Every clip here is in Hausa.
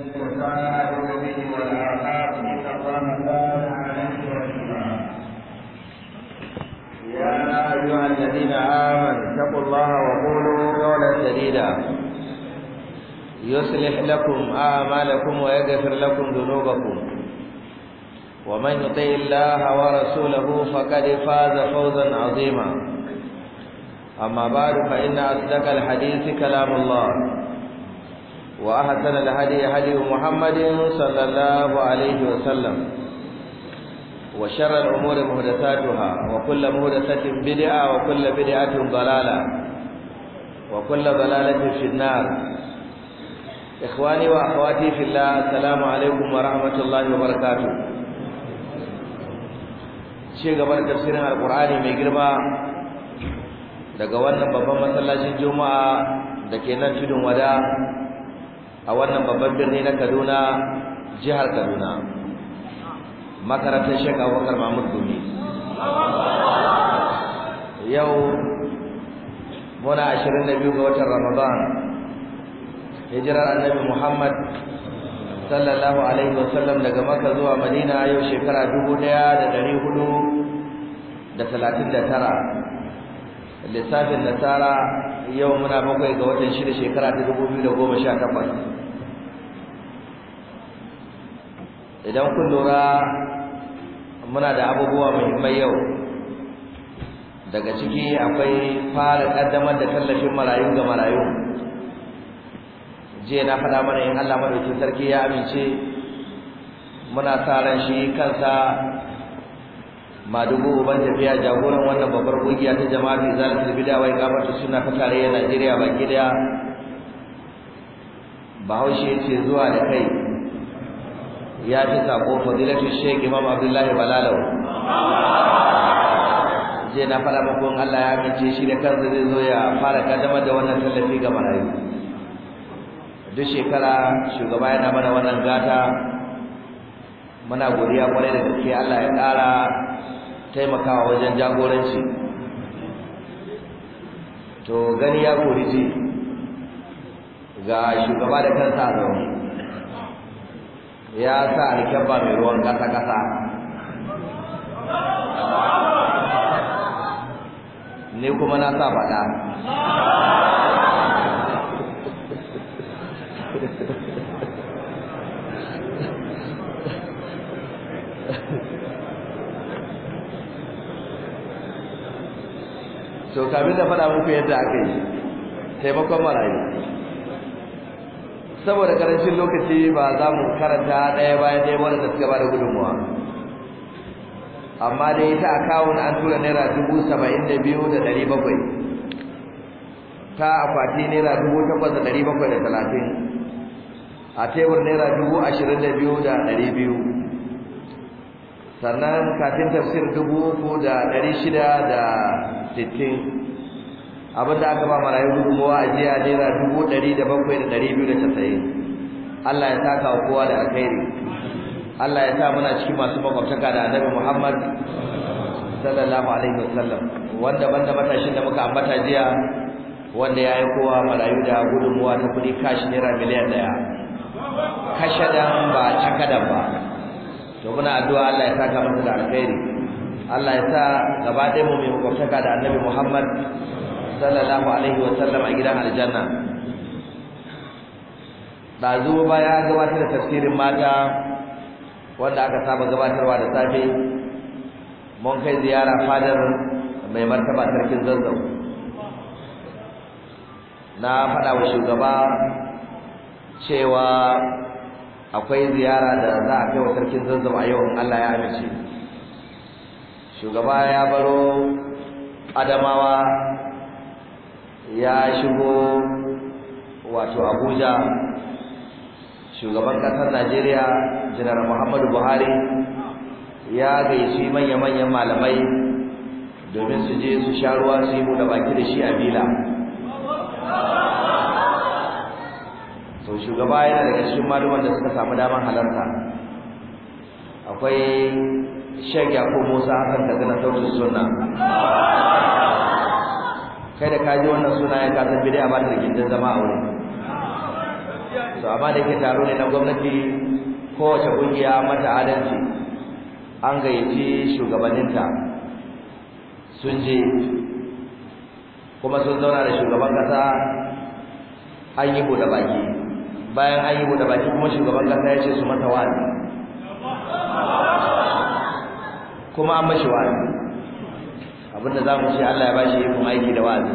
والتساهل به والآفات إن الله كان عليه يا أيها الذين آمنوا اتقوا الله وقولوا قولا سديدا يصلح لكم أعمالكم ويغفر لكم ذنوبكم ومن يطع الله ورسوله فقد فاز فوزا عظيما أما بعد فإن أصدق الحديث كلام الله وأحسن الهدي هدي محمد صلى الله عليه وسلم وشر الأمور مهدثاتها وكل مهدثة بدعة وكل بدعة ضلالة وكل ضلالة في النار إخواني وأخواتي في الله السلام عليكم ورحمة الله وبركاته شيء قبل تفسير القرآن ميقربا daga wannan babban masallacin juma'a da ke nan tudun wada a wannan babban birni na Kaduna jihar Kaduna makarantar shekaru Abubakar Mahmud Gumi yau muna ashirin da biyu ga watan Ramadan hijirar Annabi Muhammad sallallahu alaihi wasallam daga maka zuwa Madina yau shekara dubu da da da dari hudu tara. lissafin nasara yau muna bakwai ga watan shida shekara ta dubu biyu da goma sha takwas idan kun lura muna da abubuwa muhimmai yau daga ciki akwai fara ƙaddamar da tallafin marayu ga marayu jiya na faɗa mana in Allah madaukakin sarki ya amince muna sa ran shi kansa dubu uban tafiya jagoran wannan babbar kungiya ta jama'ar izalatul da wai ta suna ta tarayya Najeriya baki daya Bahaushe yace zuwa da kai ya ci sako fadilatu Sheikh Imam Abdullahi Balalau je na fara muku Allah ya amince shi da kansa zai zo ya fara kadama da wannan tallafi ga marayu duk shekara shugaba yana mana wannan gata muna godiya kwarai da gaske Allah ya ƙara taimakawa wajen jagoranci to gani ya kori ji ga shugaba da kansa a zaune ya sa alkyabba mai ruwan kasa-kasa ne kuma na sa faɗa to kamin da faɗa muku yadda aka yi taimakon marayu saboda karancin lokaci ba za mu karanta ɗaya bayan ɗaya wanda suka ba da gudunmuwa amma da ita, ta akawun an tura naira dubu saba'in da biyu da ɗari bakwai ta akwati naira dubu takwas da ɗari bakwai da talatin a tebur naira dubu ashirin da biyu da ɗari biyu sannan kafin tafsir dubu uku da ɗari shida da Abin da aka ba marayu gudunmawa a jiya da 700,290 Allah ya sa wa kowa da alkhairi Allah ya sa muna cikin masu makwabtaka da Annabi Muhammad sallallahu alaihi wasallam wanda banda matashin da muka ambata jiya wanda ya aikowa marayu da gudunmuwa ta kudi kashi naira miliyan daya kashadan ba cakadan ba to muna addu'a Allah ya saka masa da alkhairi Allah ya sa gaba ɗaya mu mai makwabtaka da annabi Muhammad sallallahu alaihi wa sallam a gidan aljanna dazu ya gabatar da tafsirin mata wanda aka saba gabatarwa da safe mun kai ziyara fadar mai martaba sarkin zazzau na faɗa wa shugaba cewa akwai ziyara da za a kai wa sarkin zazzau a yau in Allah ya amince shugaba ya baro adamawa ya shigo wato abuja shugaban ƙasar najeriya janar muhammadu buhari ya gaisu manya-manyan malamai domin su je su sha ruwa su yi da baki da shi a bila sau shugaba yana daga cikin malaman da suka samu damar halarta akwai shek ya ko musa hakan daga na sautin sunna kai da kaji wannan suna ya ka san a ba jirgin gindin zama a so to amma da yake taro ne na gwamnati kowace kungiya mata adalci an gayyaci shugabanninta sun je kuma sun zauna da shugaban kasa an yi buɗe baki bayan an yi buɗe baki kuma shugaban kasa ya ce su mata wani. kuma an mashi wa'azi abinda za mu ce Allah ya bashi ikon aiki da wa'azi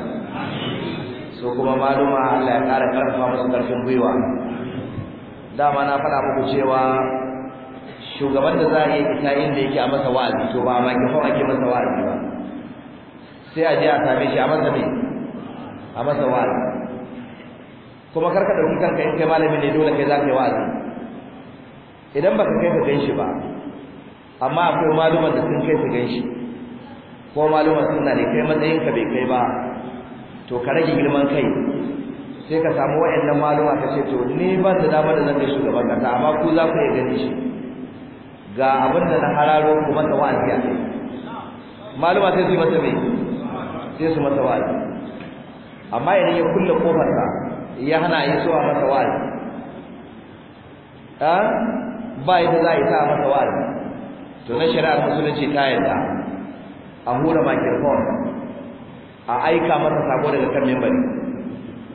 so kuma maluma Allah ya ƙara karfafa musu ƙarfin gwiwa dama na faɗa muku cewa shugaban da za a yi fita inda yake a masa wa'azi to ba a makifon ake masa wa'azi ba sai a je a same shi a masa ne a masa wa'azi kuma karka da kanka in kai malami ne dole kai za ka yi wa'azi idan ka kai ka gan shi ba amma akwai maluman da sun kai su ganshi ko maluman suna da kai matsayin ka bai kai ba to ka rage girman kai sai ka samu wa'annan maluma ka ce to ni ba da dama da zan kai shugaban kasa amma ku za ku iya gani shi ga abin da na hararo ku masa wa'azi a kai maluma sai su yi masa mai sai su masa wa'azi amma idan ya kulle kofarsa ya hana yi so a masa wa'azi ba yadda za a yi sa masa wa'azi to na shari'ar musulunci ta yadda a hura microphone a aika masa sako daga kan membari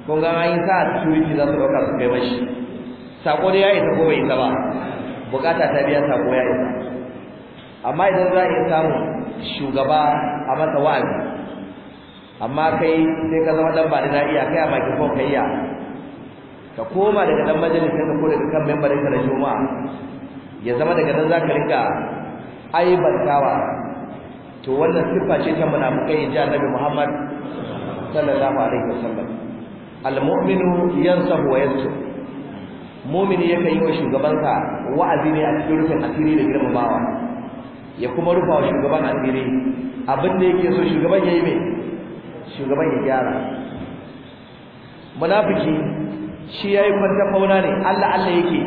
kun ga an yi sa security za su ɗauka su kai mashi sako da ya isa ko bai isa ba bukata ta biya sako ya isa amma idan za a iya samun shugaba a masa wa'azi amma kai sai ka zama dan ba da iya kai a microphone kai ya ka koma daga dan majalisar ka ko daga kan membarin ka na juma'a ya zama daga nan za ka rika barkawa to wannan sifa ce ta munafikai ji annabi Muhammad sallallahu alaihi wasallam almu'minu yansahu wa yansu mu'mini yakan yi wa shugabansa wa'azi ne a cikin rufin asiri da girmamawa ya kuma rufa wa shugaban asiri abin da yake so shugaban yayi me shugaban ya gyara munafiki shi yayi kwanta fauna ne Allah Allah yake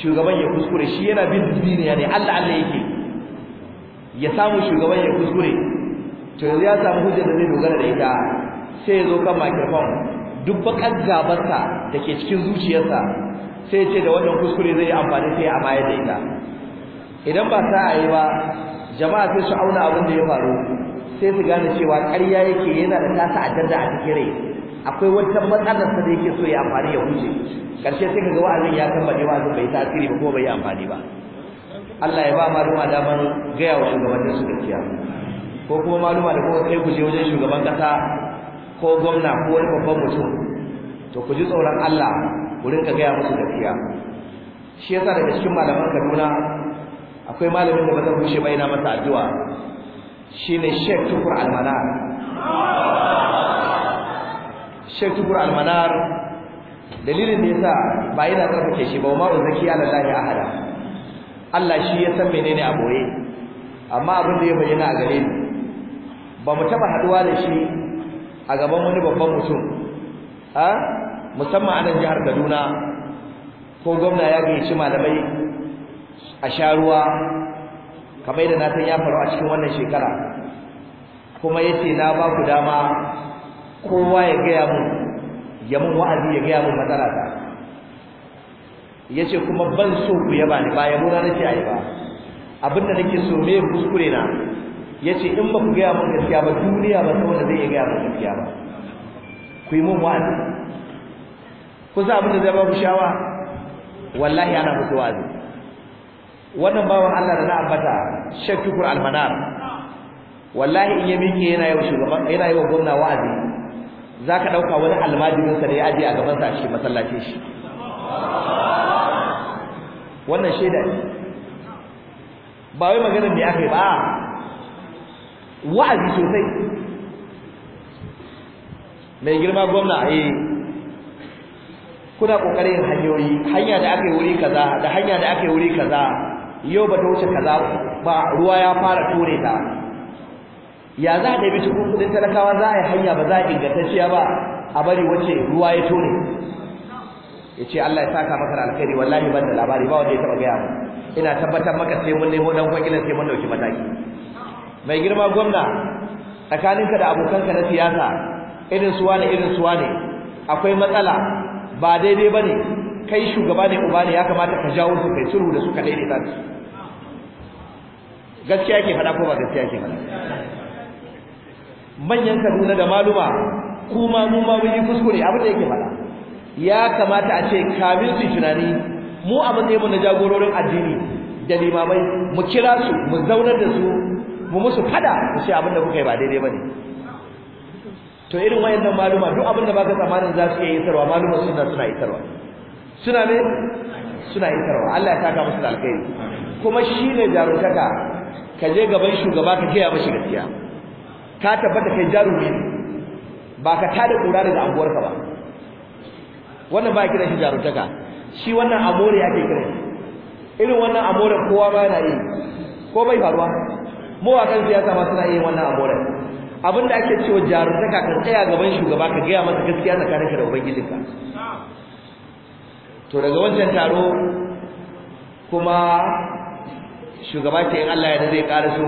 shugaban ya kuskure shi yana bin duniya ne Allah Allah yake ya samu shugaban ya kuskure to yanzu ya samu hujjar da zai dogara da ita sai ya zo kan microphone duk bakar gabarsa da ke cikin zuciyarsa sai ya ce da wannan kuskure zai yi amfani sai ya amayar da ita idan ba sa yi ba jama'a sai su auna abin da ya faru sai su gane cewa ƙarya yake yana da tasa ajanda a cikin rai akwai wata matsalar sa da yake so ya amfani ya huce karshe sai ga wa'azin ya kammale wa'azin bai tasiri ba kuma bai yi amfani ba Allah ya ba maluma daman gaya wa shugabannin su gaskiya ko kuma maluma da kuma kai ku je wajen shugaban kasa ko gwamna ko wani babban mutum to ku ji tsoron Allah ku rinka gaya musu gaskiya shi yasa daga cikin malaman Kaduna akwai malamin da ba zan kushe ba ina masa addu'a shine Sheikh Tukur Almanar Sheikh Tukur Almanar dalilin da yasa ba ina karfafe shi ba ma Zaki Allah lahi ahada Allah shi ya san menene a boye amma abin da ya bayyana a gare ni ba mu taba haduwa da shi a gaban wani babban mutum ha musamman a nan jihar Kaduna ko gwamna ya gayyaci malamai a sha ruwa kamar da na san ya faru a cikin wannan shekara kuma yace na ba ku dama kowa ya gaya mu ya mun wa'azi ya gaya mun matsala ta yace kuma ban so ku yaba ni ba yabo na nace ai ba abinda nake so me kuskure na yace in ba ku ga mun gaskiya ba duniya ba ta wanda zai ga mun gaskiya ba ku yi mun wa'azi ku sa abinda zai ba ku shawa wallahi ana muku wa'azi wannan bawan Allah da na ambata shakkur almanar wallahi in ya miƙe yana yau shugaban yana yau gwamna wa'azi zaka dauka wani almajirin sa ne ya aje a gaban sa shi masallacin shi wannan shaida ne ba wai maganar da aka yi ba wa'azi sosai mai girma gwamna eh kuna kokarin hanyoyi hanya da aka yi wuri kaza da hanya da aka yi wuri kaza yau ba ta wuce kaza ba ruwa ya fara tore ta ya za a ɗabi cikin kudin talakawa za a yi hanya ba za a ingantacciya ba a bari wace ruwa ya tore ce Allah ya saka maka da alkhairi wallahi ban da labari ba wanda ya taba gaya mu ina tabbatar maka sai mun nemo dan kwakilan sai mun dauki mataki mai girma gwamna tsakaninka da abokanka na siyasa irin suwa ne irin suwa ne akwai matsala ba daidai bane kai shugaba ne uba ne ya kamata ka jawo su kai sulhu da su ka ne su gaskiya ke faɗa ko ba gaskiya ke faɗa manyan Kaduna da maluma kuma mu ma mun yi kuskure abin da yake faɗa ya kamata a ce kamin su tunani mu a matsayin na jagororin addini da limamai mu kira su mu zaunar da su mu musu fada mu ce abin da kuka yi ba daidai ba ne. to irin wayannan maluma duk abinda da baka tsammanin za su iya tarwa maluma suna suna tarwa suna ne suna tarwa Allah ya saka musu da alkhairi kuma shi ne jarumtaka ka je gaban shugaba ka kiyaye mashi gaskiya ka tabbata kai jarumi ba ka tada kura daga anguwarka ba wannan ba kiran shi jarumtaka shi wannan amore yake kira. irin wannan amore kowa ba yana yi ko bai faruwa Mu a kan siyasa ma suna yin wannan amore abin da ake cewa jarutaka kan tsaya gaban shugaba ka gaya masa gaskiya ka da ubangijinka to daga wancan taro kuma shugaba ce in Allah ya da zai na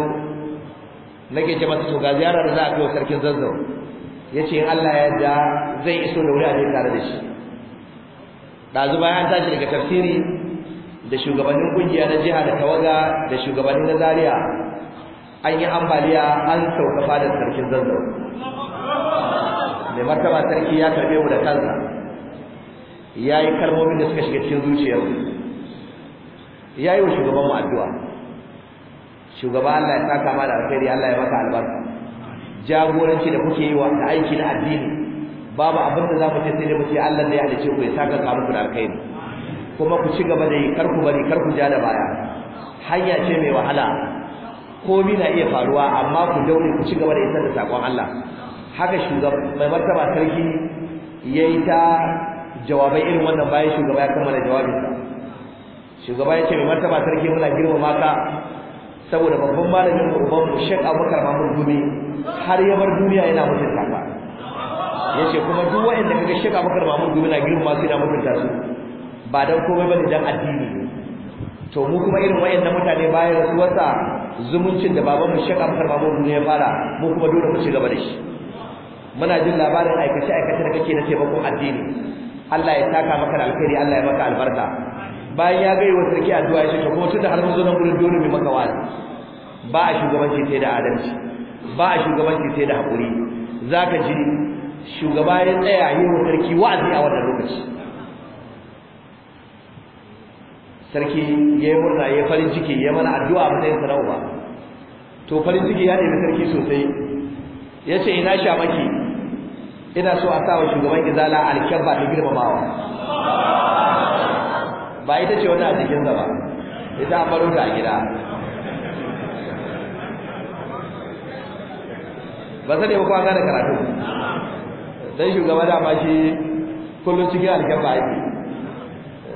nake ce masa to ga ziyarar da za a kai wa sarkin zazzau ce in Allah ya da zai iso da wuri a je tare da shi ɗazu bayan tashi daga tafsiri da shugabannin kungiya na jiha da tawaga da shugabannin na an yi ambaliya an sauka fadar sarkin zazzau mai martaba sarki ya karbe mu da kansa ya yi kalmomin da suka shiga cikin zuciyar ya yi wa shugabanmu addu'a shugaba Allah ya saka ma da alkhairi Allah ya maka albarka jagoranci da kuke yi wa da aiki na addini babu abin da za mu ce sai da mu ce Allah ne ya halice ku ya saka ka muku da alkhairi kuma ku ci gaba da yi kar ku bari kar ku ja da baya hanya ce mai wahala komai na iya faruwa amma ku daure ku ci gaba da isar da sakon Allah haka shugaban mai martaba sarki yayi ta jawabai irin wannan bayan shugaba ya kammala jawabinsa shugaba ya ce mai martaba sarki muna girmama ka saboda babban malamin uban Sheikh Abubakar Mahmud Gumi har ya bar duniya yana mutunta ka yace kuma duk wanda kaga shiga bakar mamun gobe na girma sai da mutunta su ba dan komai bane dan addini to mu kuma irin wayannan mutane bayan rasuwarsa zumuncin da baban mu shiga bakar mamun ne ya fara mu kuma dole mu shiga gaba da shi muna jin labarin aikace aikace da kake na taimakon addini Allah ya taka maka da alkhairi Allah ya maka albarka bayan ya gaiwa sarki addu'a ya ce to kuma tunda har mun zo nan gurin dole mu maka wa'azi ba a shugabanci sai da adalci ba a shugabanci sai da hakuri zaka ji shugaba ya tsaya yi wa sarki wa'azi a wannan lokaci sarki ya yi murna ya farin ciki ya mana addu'a a matsayin ba to farin ciki ya ɗebi sarki sosai ya ce ina sha maki ina so a sa wa shugaban izala alkyabba ta girmamawa ba ita ce wani a jikinsa ba ita a baro ta a gida ba zai ba kwa gane karatu dan shugaba da ma shi kullun cikin ba yake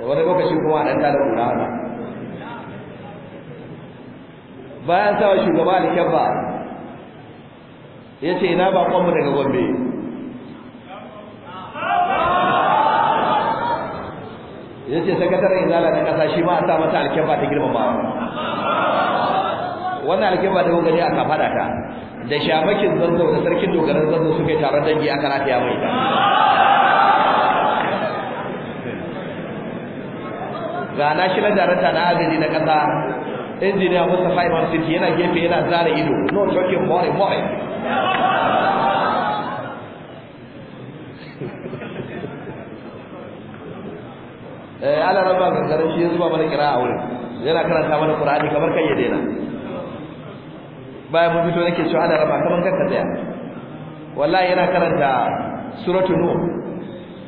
wani lokaci kuma dan da kura ba bayan sa shugaba ba yace ina ba kwamu daga gombe yace sakataren izala na kasa shi ma a sa mata ba ta girmama wannan ba da gani aka fada ta da shamakin zanzo da sarkin dogaran zanzo suke tare taron dangi aka rataya mai ta ga national director na agaji na kasa injiniya Mustapha Imam City yana gefe yana zara ido no talking more more eh ala rabba gangaran shi zuwa mana kira a wurin yana karanta mana Qur'ani kamar kai ya daina bayan mun fito nake cewa ana raba kaman kanka daya wallahi yana karanta suratul nur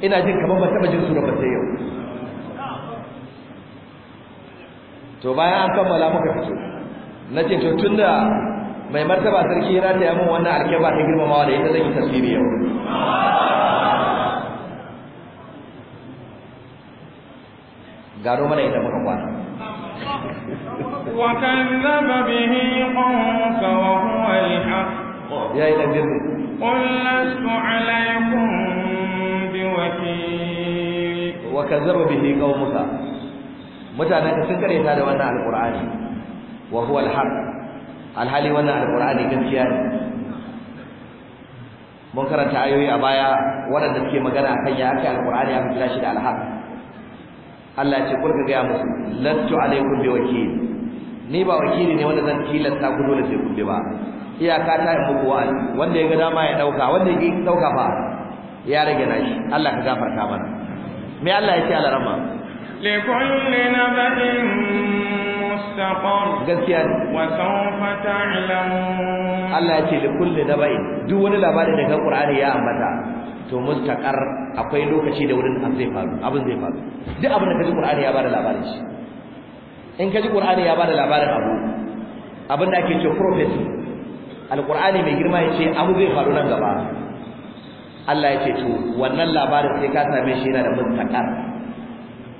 ina jin kaman ba taba jin sura ba yau to bayan an kammala muka fito nace to tunda mai martaba sarki yana taya min wannan ba ta girmamawa da ita zan yi tafsiri yau gano mana ita muka kwana وكذب به قومك وهو الحق يا إلى البر قل لست عليكم بوكيل وكذب به قومك mutanenka sun kareta da wannan alqur'ani wa alhaq alhali wannan ne mun karanta ayoyi a baya waɗanda suke magana akan ya aka Alƙur'ani aka kira shi da alhaq Allah ya ce kulka ga musu lattu alaikum biwakil ni ba wakili ne wanda zan tilasta ku dole sai ku bi ba iyaka ta yi muku wa'azi wanda ya ga dama ya dauka wanda ya dauka fa ya rage nashi Allah ka gafarta mana me Allah ya ce a larama kulli نبأ مستقر gaskiya sawfa تعلمون Allah ya ce kulli nabai duk wani labari daga Qur'ani ya ambata to mustaqar akwai lokaci da wurin abin zai faru abin zai faru duk abin da kaji Qur'ani ya bada labarin shi in ka ji qur'ani ya bada labarin abu abin da ake ce prophecy alqur'ani mai girma yace abu zai faru nan gaba Allah ya ce to wannan labarin sai ka same shi yana da mutakar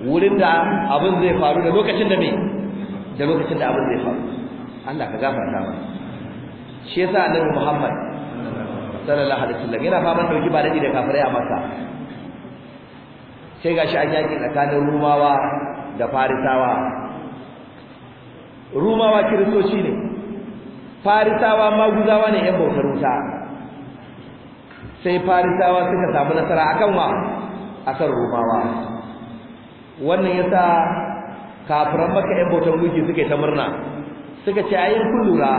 wurin da abin zai faru da lokacin da me da lokacin da abin zai faru Allah ka gafarta mana shi yasa annabi Muhammad sallallahu alaihi wasallam yana faman dauki ba dadi da kafirai a Makka sai gashi an yaki tsakanin Rumawa da Farisawa rumawa kiristoci ne farisawa maguzawa ne yan bautar wuta sai farisawa suka samu nasara akan wa akan rumawa wannan yasa kafiran maka yan bautar wuki suka yi ta murna suka ce ayin kullura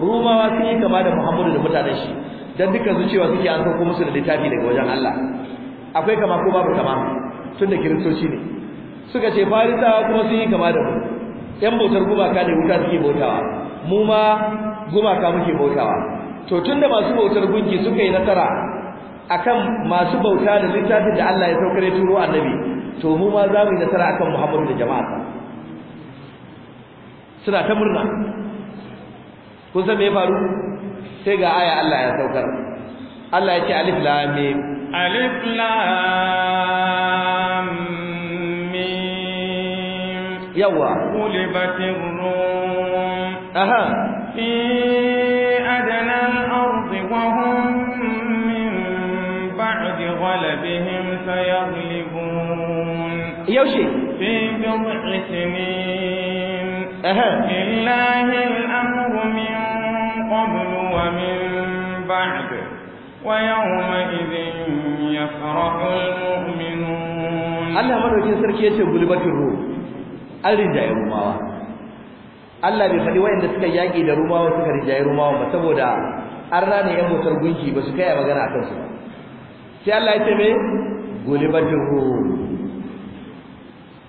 rumawa sun yi kama da muhammadu da mutanen shi dan dukkan su cewa suke an sauko musu da littafi daga wajen Allah akwai kama ko babu kama tunda kiristoci ne suka ce farisawa kuma sun yi kama da mu yan bautar gumaka ne wuta suke bautawa mu ma gumaka muke bautawa to tunda masu bautar gunki suka yi nasara akan masu bauta da littafin da Allah ya saukar ya turo annabi to mu ma za mu yi nasara akan Muhammadu da jama'a suna ta murna kun san me ya faru sai ga aya Allah ya saukar Allah ya ce alif lam alif lam غلبت الروم أها في أدنى الأرض وهم من بعد غلبهم سيغلبون يوشي في بضع سنين أها لله الأمر من قبل ومن بعد ويومئذ يفرح المؤمنون الله مرة كنسر كيشة غلبت الروم an rinjaye rumawa Allah bai faɗi wayanda suka yaƙi da rumawa suka rinjaye rumawa ba saboda an rana yan motar gunki ba su kai magana akan su sai Allah ya ce me gulibatul rum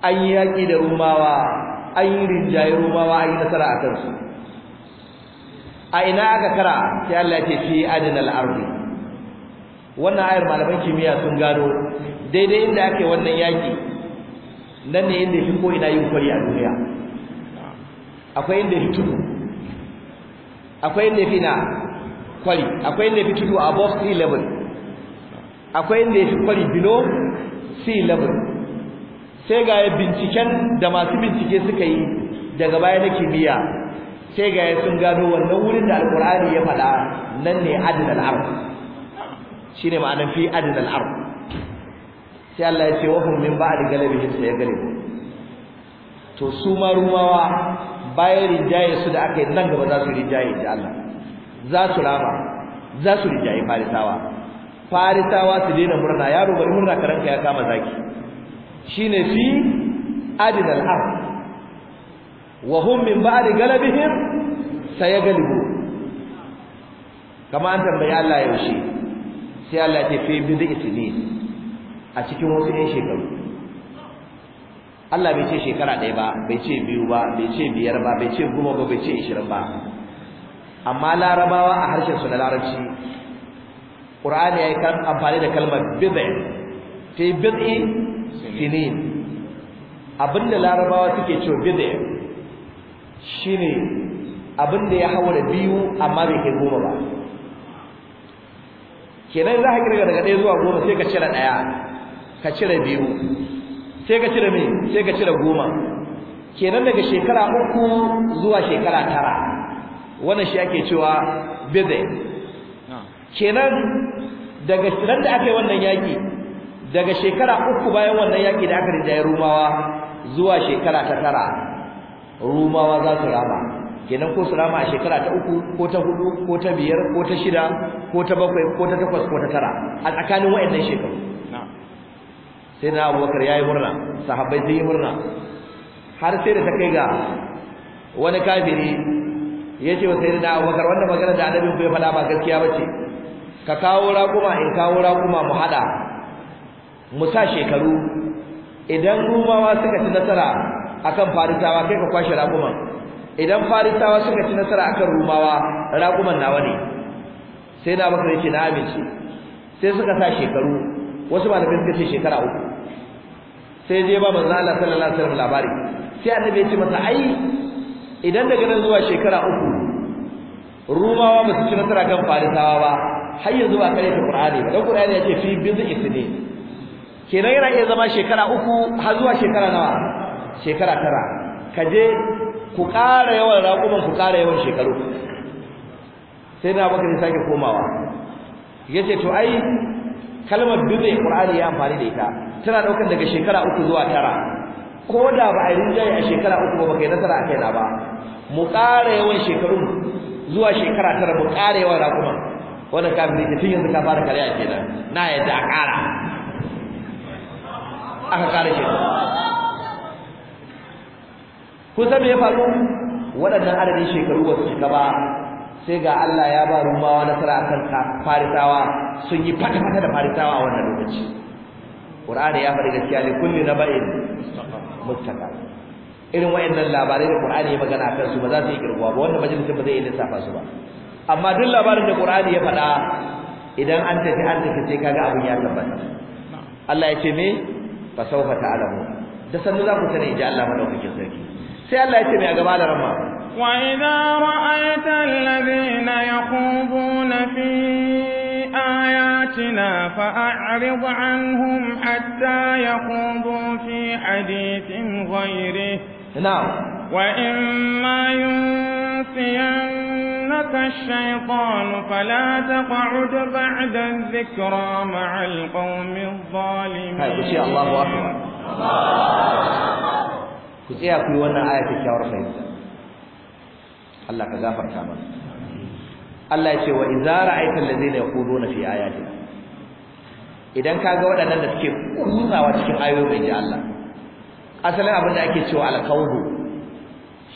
an yi yaƙi da rumawa an yi rinjaye rumawa an yi nasara akan su a ina aka kara sai Allah ya ce fi adnal ardi wannan ayar malaman kimiyya sun gano daidai inda ake wannan yaƙi nan ne inda shi ko ina yin kwari a duniya akwai inda shi tudu akwai inda fi na kwari akwai inda fi tudu above sea level akwai inda fi kwari below sea level sai ga binciken da masu bincike suka yi daga baya na kimiyya sai ga sun gano wannan wurin da alkur'ani ya faɗa nan ne adinal arz shine ma'anar fi adinal arz sai Allah ya ce wa hum min ba'di galabihim sayaghlibun to su ma rumawa bayan rijaye su da aka yi nan gaba za su rijaye da Allah za su rama za su rijaye farisawa farisawa su daina murna yaro bari murna karanka ya kama zaki shine fi adinal haq wa hum min ba'di galabihim sayaghlibun kama an tambaye Allah yaushe sai Allah ya ce fi bid'i sinin a cikin wasu ne shekaru Allah bai ce shekara ɗaya ba bai ce biyu ba bai ce biyar ba bai ce goma ba bai ce ishirin ba amma larabawa a harshen su na larabci ƙur'ani ya yi amfani da kalmar bid'a ta yi bid'i sinin abinda larabawa suke cewa bid'a shine abinda ya da biyu amma bai kai goma ba kenan za ka kirga daga ɗaya zuwa goma sai ka cire ɗaya ka cire biyu sai ka cire me sai ka cire goma kenan daga shekara uku zuwa shekara tara wannan shi ake cewa bidai ah. kenan daga ran da aka yi wannan yaki daga shekara uku bayan wannan yaki da aka ya rumawa zuwa shekara ta tara rumawa za su rama kenan ko su rama a shekara ta uku ko ta hudu ko ta biyar ko ta shida ko ta bakwai ko ta takwas ko ta tara a tsakanin waɗannan shekaru sai na abubakar ya yi murna sahabbai sun yi murna har sai da ta kai ga wani kafiri ya ce wa sai na abubakar wanda magana da annabin ku ya faɗa ba gaskiya ba ce ka kawo raƙuma in kawo raƙuma mu haɗa mu sa shekaru idan rumawa suka ci nasara akan farisawa kai ka kwashe raƙuman idan farisawa suka ci nasara akan rumawa raƙuman nawa ne sai na bakar ya ce na amince sai suka sa shekaru wasu malamai suka ce shekara uku sai je ba manzo Allah sallallahu alaihi wasallam labari sai annabi ya ce masa ai idan daga nan zuwa shekara uku rumawa ba su ci nasara kan farisawa ba har yanzu ba kare ta qur'ani ba dan qur'ani ya ce fi bizu isne kenan yana iya zama shekara uku har zuwa shekara nawa shekara tara kaje ku ƙara yawan raƙuman ku ƙara yawan shekaru sai na bakar sake komawa yace to ai kalmar birre qur'ani ya amfani da ita tana daukan daga shekara uku zuwa tara ko da ba a rinjaye a shekara uku ba kai nasara akai na ba mu ƙara yawan shekarun zuwa shekara tara mu ƙara yawan rakuma wannan kafiri da tun yanzu ka fara kariya kenan na yadda a ƙara aka ƙara shi kun san me ya faru waɗannan adadin shekaru ba su cika ba sai ga Allah ya ba rumawa nasara akan farisawa sun yi fata-fata da farisawa a wannan lokaci Qur'ani ya faɗi gaskiya ne kulli naba'in mustaka. irin wayannan labarai da Qur'ani ya magana kan su ba za su yi kirguwa ba wannan majalisin ba zai yi lissafa su ba amma duk labarin da Qur'ani ya faɗa idan an tafi an tafi sai kaga abun ya tabbata Allah ya ce me fa sawfa ta'lamu da sannu za ku sani ji Allah madaukakin sarki sai Allah ya ce mai gaba da rama wa idza ra'aita alladhina yaqubuna fi ayatina fa'rid anhum hatta yaqubu fi hadithin ghayrihi na'am wa imma yunsiyan لك الشيطان فلا تقعد بعد الذكرى مع القوم الظالمين الله أكبر ku tsaya ku yi wannan aya kyakkyawar fahimta Allah ka gafarta mana Allah ya ce wa idza ra'aita allazina yaquluna fi ayatina idan ka ga waɗannan da suke kuzawa cikin ayoyin manzo Allah asalin abin da ake cewa alqawlu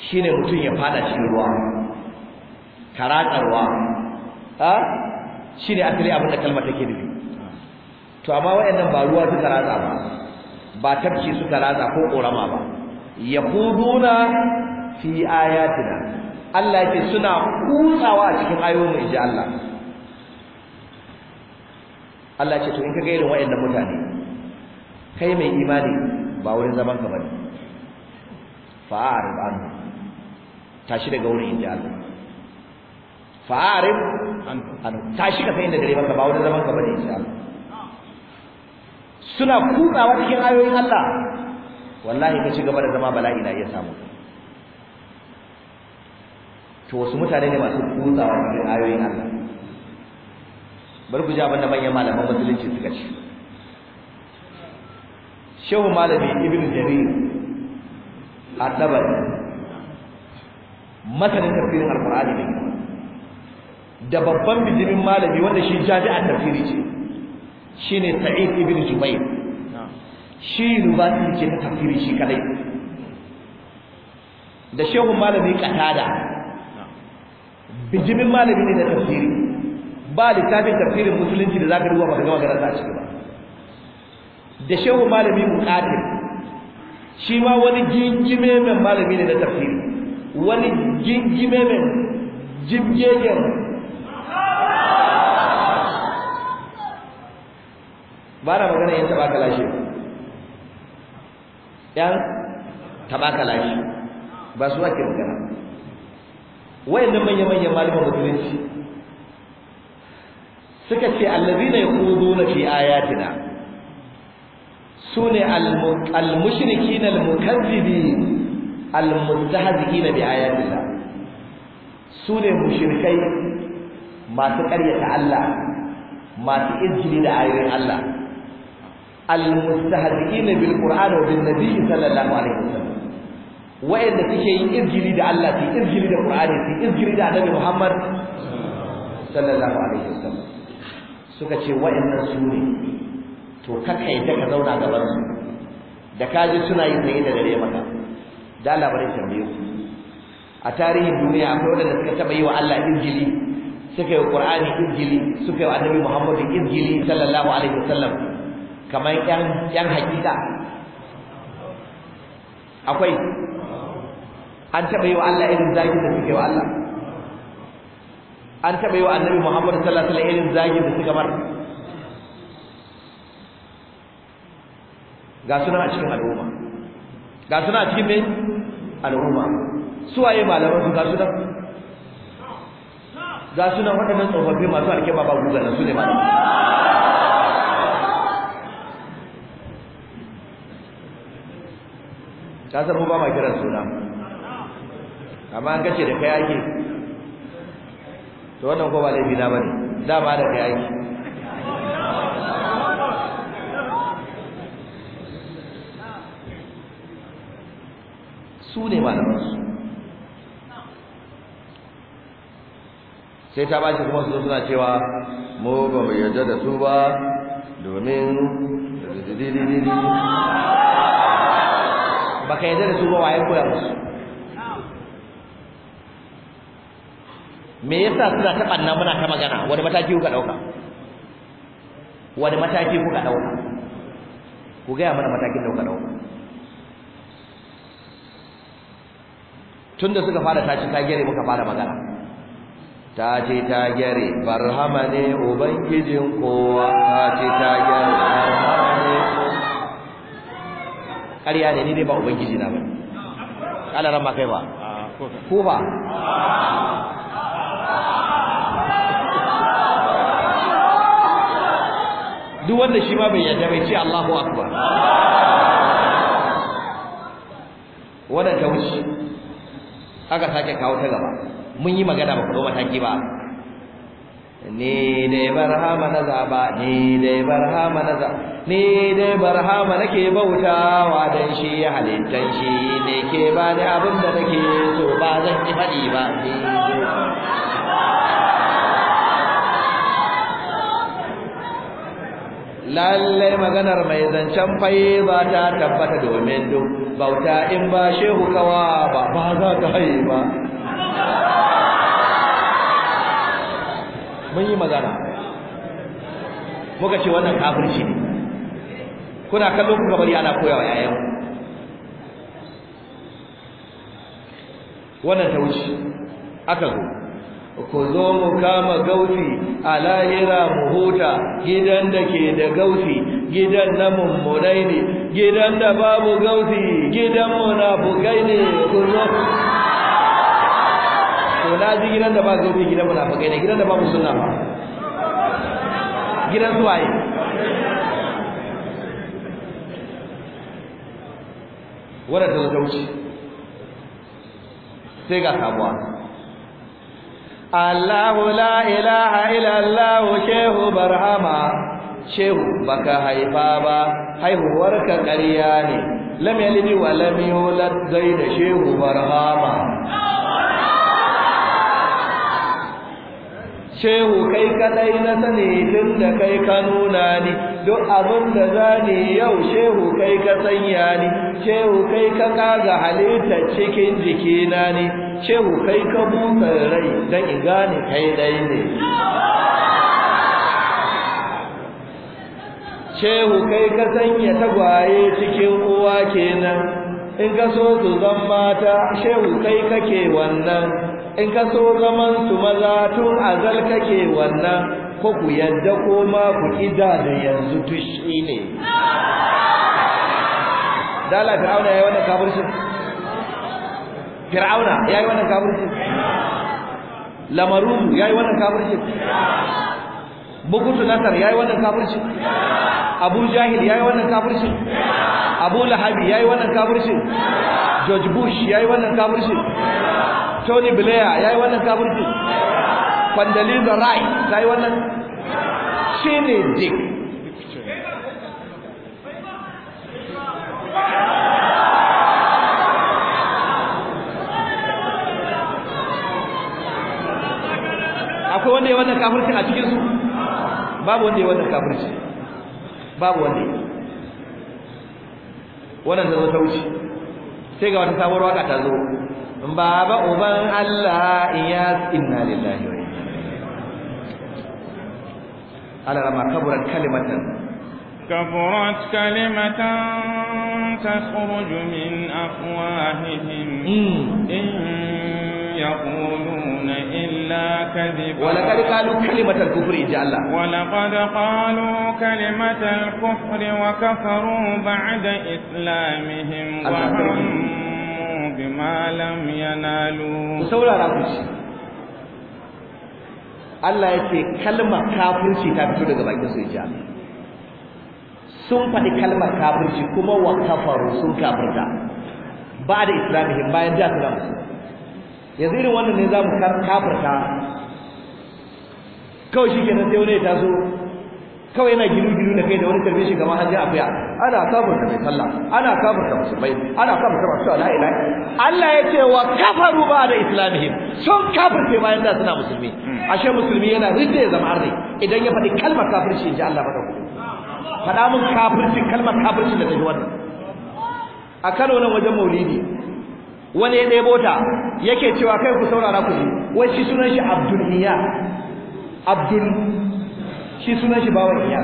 shine mutum ya fada cikin ruwa karatarwa ha shine asali abin da kalmar take nufi to amma waɗannan ba ruwa suka ratsa ba ba tafki suka ratsa ko korama ba yaquduna fi ayatina Allah yake suna kutsawa a cikin ayoyin inji Allah Allah ce to in ka ga irin waɗannan mutane kai mai imani ba wurin zaman ka bane fa'arib anhu tashi daga wurin inji Allah fa'arib anhu tashi ka fahimta dare maka ba wurin zaman ka bane insha Allah suna kutsawa cikin ayoyin Allah wallahi ka ci gaba da zama bala'i na iya samu to wasu mutane ne masu kutsawa cikin ayoyin Allah bar ku ji abin da manyan malaman musulunci suka ce shehu malami ibn jarir Adabar, tabari masanin tafsirin alqur'ani ne da babban bijirin malami wanda shi jami'an tafsiri ce shine sa'id ibn jubair shi rubati ke ta tafsiri shi kadai da shehu malami katada bijimin malami ne da tafsiri ba littafin tafsirin musulunci da ka duba ba ga magana ta cikin ba da shehu malami muqatil shi ma wani gingime mai malami ne da tafsiri wani gingime mai jibgegen ba na magana yin taba kalashe ba yan tabaka lashi ba su ake magana wayannan manya-manyan malaman musulunci suka ce allazina yaquduna fi ayatina sune almushrikin almukazzibin almustahzikin bi ayatillah sune mushrikai masu ƙaryata Allah masu izini da ayoyin Allah almustahzi'ina bil qur'an wa bin nabiy sallallahu alaihi wasallam wa'anda suke yin izgiri da Allah su izgiri da qur'ani su izgiri da annabi Muhammad sallallahu alaihi wasallam suka ce wa'annan su ne to kaka yadda ka zauna gaban su da kaji suna yin zai da dare maka da Allah bare tambaye a tarihin duniya akwai wanda suka taba yi wa Allah izgili suka yi Qur'ani izgili suka yi Annabi Muhammad izgili sallallahu alaihi wasallam kamar yan yan hakika akwai an taɓa yi wa Allah irin zagin da suke wa Allah an taɓa yi wa annabi Muhammad sallallahu alaihi wasallam irin zagin da suka mar ga suna a cikin al'umma ga suna a cikin me al'umma su waye malaman su ga suna ga suna waɗannan tsofaffi masu alkeba ba gugan su ne malaman ka san ba ma kiran suna amma an kace da kai ake to wannan ko ba laifi na bane ba da kai ake su ne malaman su sai ta shi kuma su suna cewa mu ba mu yarda da su ba domin baka yadda da su ba waye koya musu me yasa suna ta banna muna ta magana wani mataki kuka dauka wani mataki kuka dauka ku gaya mana matakin da ɗauka dauka tunda suka fara tashi ta gere muka fara magana ta ce ta gere barhama ne ubangijin kowa ta ce ta gere barhama ne ƙarya ne ni dai ba ubangiji na bane Allah ran ma kai ba ko ba duk wanda shi ma bai yarda bai ce Allahu akbar wannan ta wuce aka sake kawo ta gaba mun yi magana ba ku mataki ba ni dai barhama na zaba ni dai barhama na zaba ni dai barhama nake bautawa dan shi halittan shi ne ke bani abin da nake so ba zan yi fadi ba Lallai maganar mai zancen fai ba ta tabbata domin duk bauta in ba shehu kawa ba ba za ta haiba mun yi magana muka ce wannan kafirci ne kuna kallo kuka bari ana koyawa yayan wannan ta wuce aka zo ku zo mu kama gauti a lahira mu huta gidan da ke da gauti gidan na mummunai ne gidan da babu gauti gidan mu na bugai ne ku zo to na ji gidan da ba zobe gidan munafikai ne gidan da ba musulma ba gidan su waye? ta da wuce sai ga sabuwa Allahu la ilaha illallah shehu barhama shehu baka haifa ba ka ƙarya ne lam yalidi wa lam yulad zai shehu barhama shehu kai kadai na sani tun da kai ka nuna ni duk abin da zani yau shehu kai ka sanya ni shehu kai ka kaga halittar cikin jikina ni shehu kai ka motsa rai dan in gane kai dai ne shehu kai ka sanya tagwaye cikin uwa kenan in ka so su zan mata shehu kai kake wannan in ka so zaman su maza tun azal kake wannan ko ku yadda ko ma ku ida da yanzu tushi ne dala fir'auna yayi wannan kafirci fir'auna yayi wannan kafirci lamaru yayi wannan kafirci bukutu nasar yayi wannan kafirci abu jahil yayi wannan kafirci abu lahabi yayi wannan kafirci george bush yayi wannan kafirci Tony Blair yi wannan kafirci Rai ta yi wannan Dick. akwai wanda ya wannan kafirci a cikinsu? babu wanda ya wannan kafirci babu wanda wannan da zo ta wuce sai ga wata sabuwar waka ta zo baba uban Allah iya inna lillahi wa inna ala rama kaburat kalimatan kaburat kalimatan takhruju min afwahihim hmm. in يقولون إلا كذبا ولقد قالوا كلمة الكفر يا الله ولقد قالوا كلمة الكفر وكفروا بعد إسلامهم وهم ma lam yanalu saurara ku ci Allah yake kalmar kafirci ta fito daga bakin su ya sun faɗi kalmar kafirci kuma wa kafaru sun kafirta ba da islamihim bayan da su yanzu irin wannan ne za mu kafirta kawai shi ke kenan sai wani ya taso kawai yana gilu gilu da kai da wani tarbe shi gama hajji akuya ana da mai sallah ana da musulmai ana kafirta masu ala ila Allah ya ce wa kafaru ba da islamihim sun kafirce bayan da suna musulmi ashe musulmi yana ridda ya zama arne idan ya faɗi kalmar kafirci ji Allah faɗa kuɗi faɗa mun kafirci kalmar kafirci da ta ji wannan a Kano nan wajen Maulidi wani ya ɗebo ta yake cewa kai ku saurara ku ji wai shi sunan shi Abdul Niyar Abdul shi sunan shi bawan iya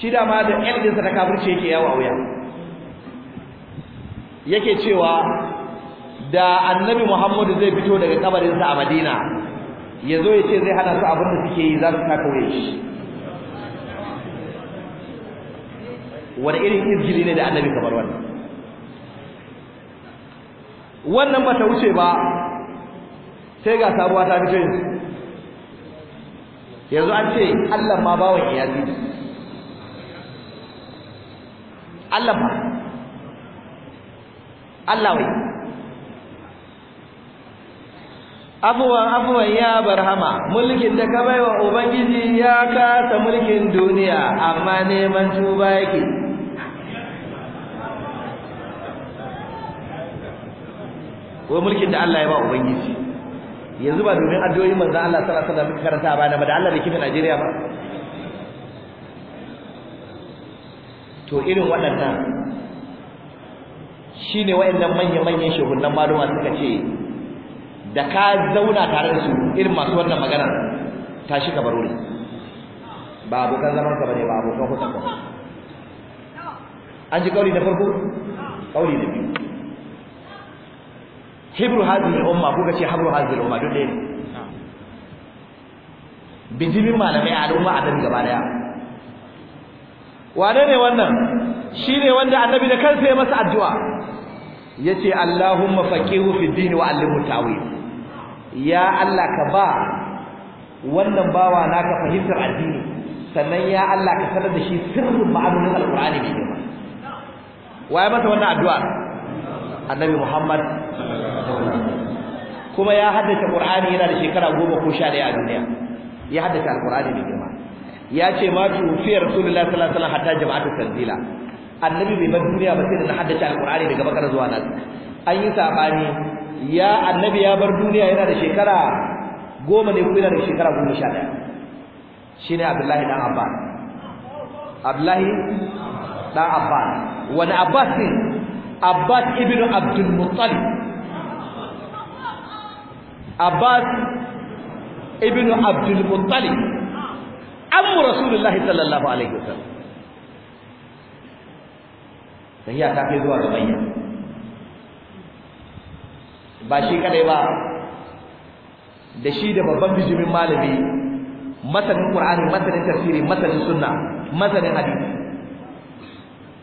shi dama da ƴan ta kafirce yake yawo a wuya yake cewa da annabi Muhammadu zai fito daga kabarinsa a Madina ya ya ce zai hana su abinda suke yi za su taka waye shi wani irin izgiri ne da annabi kamar wannan wannan ba ta wuce ba sai ga sabuwa ta fito yanzu yanzu an ce Allah ma bawan Yazid Allah ma Allah wai afuwan afuwan ya barhama mulkin da ka baiwa ubangiji ya kasa mulkin duniya amma neman tuba yake ko mulkin da Allah ya ba ubangiji yanzu ba domin addu'o'in manzon Allah sallallahu alaihi wasallam karanta ba na ba da Allah bai kifa Najeriya ba to irin waɗannan shine waɗannan manya-manyan shugunan maluma suka ce da ka zauna tare da su irin masu wannan magana tashi ka barori. ba abokan zaman ka bane ba abokan hutun ka an ji kauri na farko kauri na biyu hibru hadhihi umma kuka ce habru hadhihi umma duk ɗaya ne bijimin malamai a al'umma a dan gaba daya wane ne wannan shine wanda annabi da kansa ya masa addu'a yace Allahumma faqihu fi din wa allimhu ta'wil ya Allah ka ba wannan bawa naka fahimtar addini sannan ya Allah ka sanar da shi sirrin ma'anonin alqur'ani mai girma waye masa wannan addu'a annabi Muhammad kuma ya haddace Qur'ani yana da shekara goma ko sha a duniya ya haddace Al-Qur'ani mai girma ya ce ma tufiyar Rasulullahi sallallahu alaihi wasallam hatta jama'atu tanzila annabi bai bar duniya ba sai da na haddace Al-Qur'ani daga bakar zuwa nan an yi sabani ya annabi ya bar duniya yana da shekara goma ne ko yana da shekara goma sha ɗaya shine Abdullahi dan Abba? Abdullahi dan Abba. wani Abbas ne Abbas ibn Abdul Muttalib عباس ابن عبد المطلب عم رسول الله صلى الله عليه وسلم فهي تاخذ الرمية باشي كاليبا دشي دبا بمبيج من مالبي مثل القران مثل التفسير مثل السنه مثل الحديث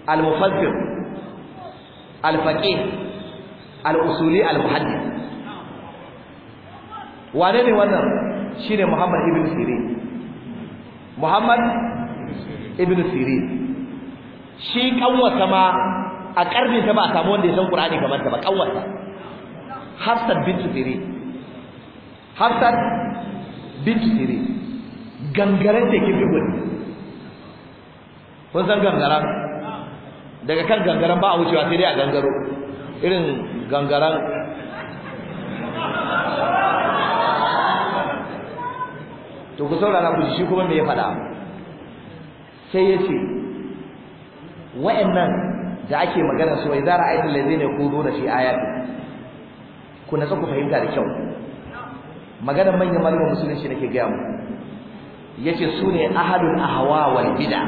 المفسر الفقيه الاصولي المحدث wane ne wannan shine Muhammad ibn Sirin Muhammad ibn Sirin shi kanwata ma a karnin ta ba a samu wanda ya san Qur'ani kamar ta ba kanwata Hafsat bint Sirin Hafsat bint Sirin gangaren da ke bibin kun san gangara daga kan gangaren ba a wucewa sai dai a gangaro irin gangaren to ku saurara ku shi kuma me ya faɗa sai ya ce wa'annan da ake magana su wai zara ayatul ladzina yaquluna fi ayati ku na ku fahimta da kyau maganar manyan malaman musulunci nake gaya mu yace su ne ahadul ahwa wal bid'a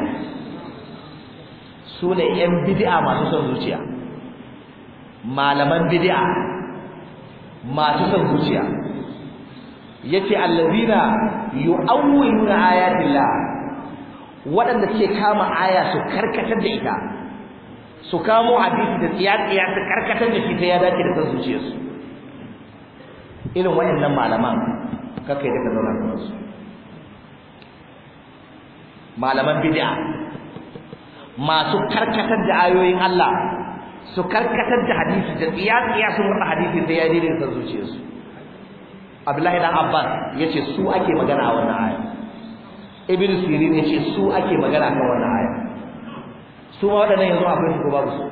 su ne yan bidi'a masu son zuciya malaman bidi'a masu son zuciya yace allazina yu'awwiluna ayatillah waɗanda suke kama aya su karkatar da ita su kamo hadisi da tsiyatsiya su karkatar da shi ta ya dace da san zuciyarsu irin waɗannan malaman kakai da ka zauna kuma su malaman bid'a masu karkatar da ayoyin Allah su karkatar da hadisi da tsiyatsiya su murda hadisi da ya dace da san zuciyarsu abdullahi dan abbas yace su ake magana a wannan aya ibn sirin yace su ake magana kan wannan aya su ma wadannan yanzu akwai su ko babu su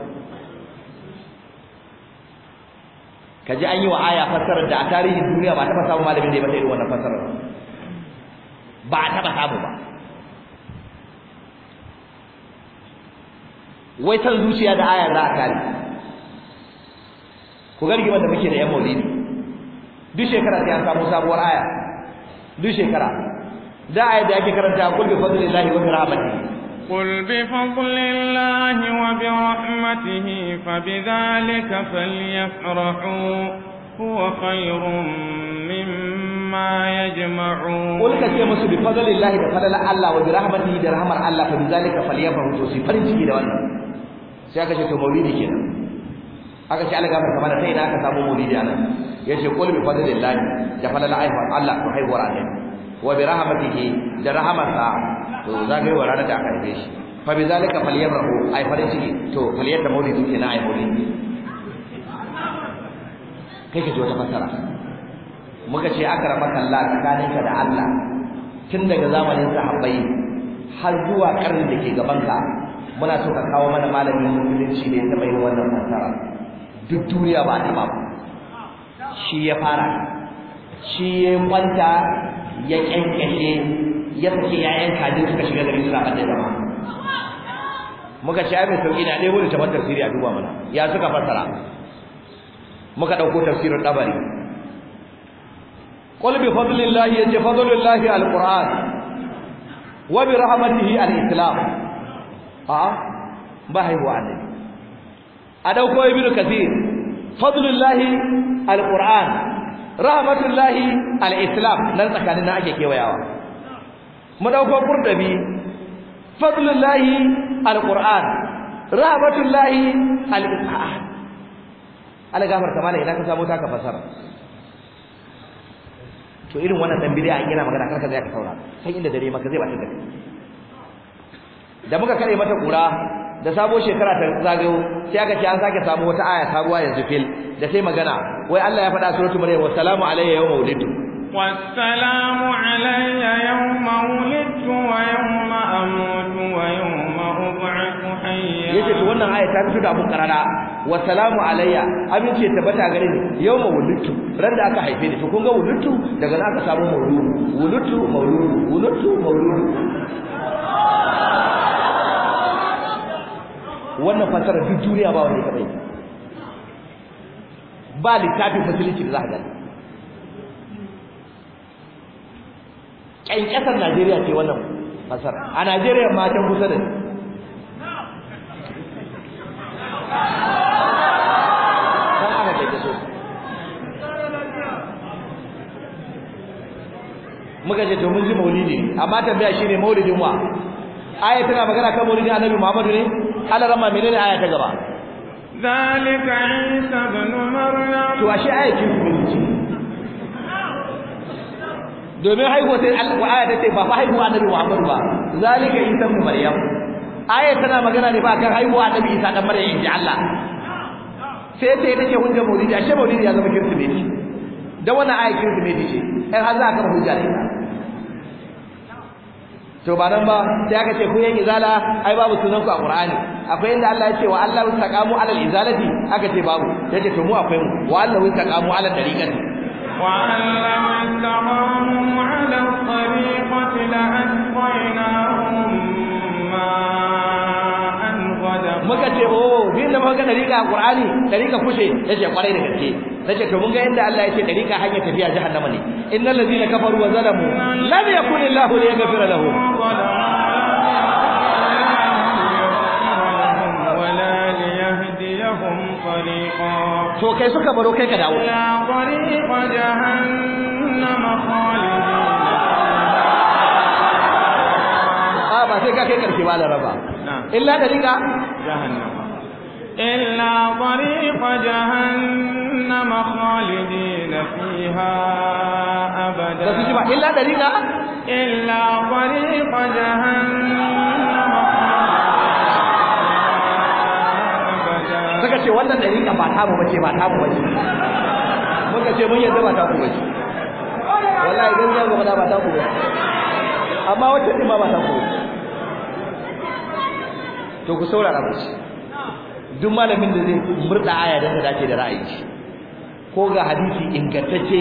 kaji an yi wa aya fassarar da a tarihin duniya ba taba samu malamin da ya mata irin wannan fassarar ba a taba samu ba wai san zuciya da aya za a kare ku gargi wanda muke da yan maulidi duk shekara sai an samu sabuwar aya duk shekara da aya da ake karanta kul bi fadlillahi wa bi rahmatihi qul bi fadlillahi wa bi rahmatihi fa bi dhalika falyafrahu huwa khayrun mimma yajma'un qul ka ce musu bi fadlillahi da fadlan Allah wa bi rahmatihi da rahmar Allah fa bi dhalika falyafrahu to sai farin ciki da wannan sai aka ce to maulidi kenan aka ce alga mai kamar sai na aka samu mulidi anan yace qul bi fadlillahi da falala aiwa Allah to haihuwar ne wa bi rahmatihi da sa to zaka yi warana da aka haife shi fa bi zalika faliyar ai farin shi to falyadda maulidi kenan ai maulidi kai ka ji wata fassara muka ce aka akramaka kalla tsakaninka da Allah tun daga zamanin sahabbai har zuwa karni da ke gabanka muna so ka kawo mana malamin musulunci da ta taɓa wannan fassara duk duniya ba ta ba shi ya fara shi ya kwanta ya kyankyashe ya sake yayan kajin suka shiga garin suna fadda zama muka ci ai mai sauki na ɗaya wani tabar tafsiri a duba mana ya suka fassara muka ɗauko tafsirin ɗabari qul bi fadlillahi yace fadlillahi alquran wa bi rahmatihi alislam a ba haihuwa annabi a dauko ibnu kathir fadlullahi alquran rahmatullahi alislam nan tsakanin na ake kewayawa mu dauko qurdabi fadlullahi alquran rahmatullahi alislam ala gafar kamala idan ka samu taka fasara to irin wannan dan bid'a yana magana karka zai ka saurara sai inda dare maka zai bata da da muka kare mata kura da sabo shekara ta zagayo sai aka ce an sake samu wata aya sabuwa yanzu fil da sai magana wai Allah ya faɗa suratul maryam wassalamu alayya yawma wulidtu wassalamu alayya yawma wulidtu wa yawma amutu wa yawma ub'athu hayya yace to wannan aya ta fito da abun karara wassalamu alayya ce tabbata gare ni yawma wulidtu ran da aka haife ni to kun ga wulidtu daga nan aka samu mauludu wulidtu mauludu wulidtu mauludu wannan fasara duk duniya ba wani ya yi ba littafin musulunci da za a gani ƙyanƙyasar najeriya ce wannan fasara a najeriya matan kusa da aka muka ce domin ji maulidi amma tambaya shi ne maulidin wa aya na magana kan maulidin annabi muhammadu ne ala rama menene aya ta gaba zalika isa ibn maryam to ashe aya ce domin haihuwa sai aya ta ce ba fa haihuwa annabi Muhammad ba zalika isa ibn maryam aya tana magana ne ba kan haihuwa annabi isa dan maryam inji Allah sai ta take hujja maulidi ashe maulidi ya zama kirsimeti da wannan aya kirsimeti ce ai har za ka hujja ne. to ba nan ba sai aka ce ku yan izala ai babu sunan ku a qur'ani akwai inda Allah ya ce wa Allah taqamu alal izalati aka ce babu yace to mu akwai mu wa Allah taqamu alal tariqati wa Allah alal tariqati la ma taba ga dariƙa a Qur'ani dariƙa kushe yace kwarai da gaske nace to mun ga yanda Allah yace dariƙa hanya tafiya jahannama ne innal ladina kafaru wa zalamu lam yakun illahu liyaghfira lahum wala liyahdiyahum tariqa to kai suka baro kai ka dawo la tariqa jahannama khalidin ba sai ka kai karshe ba da raba illa dariƙa jahannama إلا طريق جهنم خالدين فيها أبدا إلا طريق إلا طريق جهنم suka ce wannan ɗariƙa ba tamu bace ba tamu bace muka ce mun yadda ba tamu bace wallahi idan za gaba ba tamu bace amma wacce ɗin ba ba tamu bace to ku saurara ku duk malamin da zai murda aya da ta dace da ra'ayi ko ga hadisi ingantacce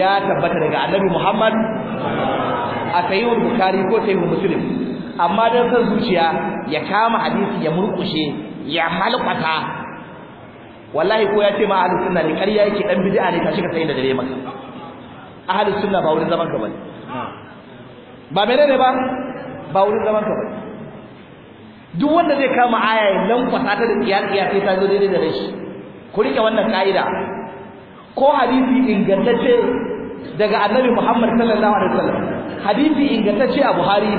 ya tabbata daga annabi Muhammad a sayyid bukhari ko sayyid muslim amma dan san zuciya ya kama hadisi ya murkushe ya halqata wallahi ko ya ce ma ahlus sunna ne ƙarya yake dan bid'a ne tashi ka sai da dare maka ahlus sunna ba wurin zaman ka bane ba menene ba ba wurin zaman ka bane duk wanda zai kama aya ya lankwasa ta da tsiyatsiya sai ta zo daidai da rashi ku rike wannan ka'ida ko hadisi ingantacce daga annabi Muhammad sallallahu alaihi wasallam hadisi ingantacce a Buhari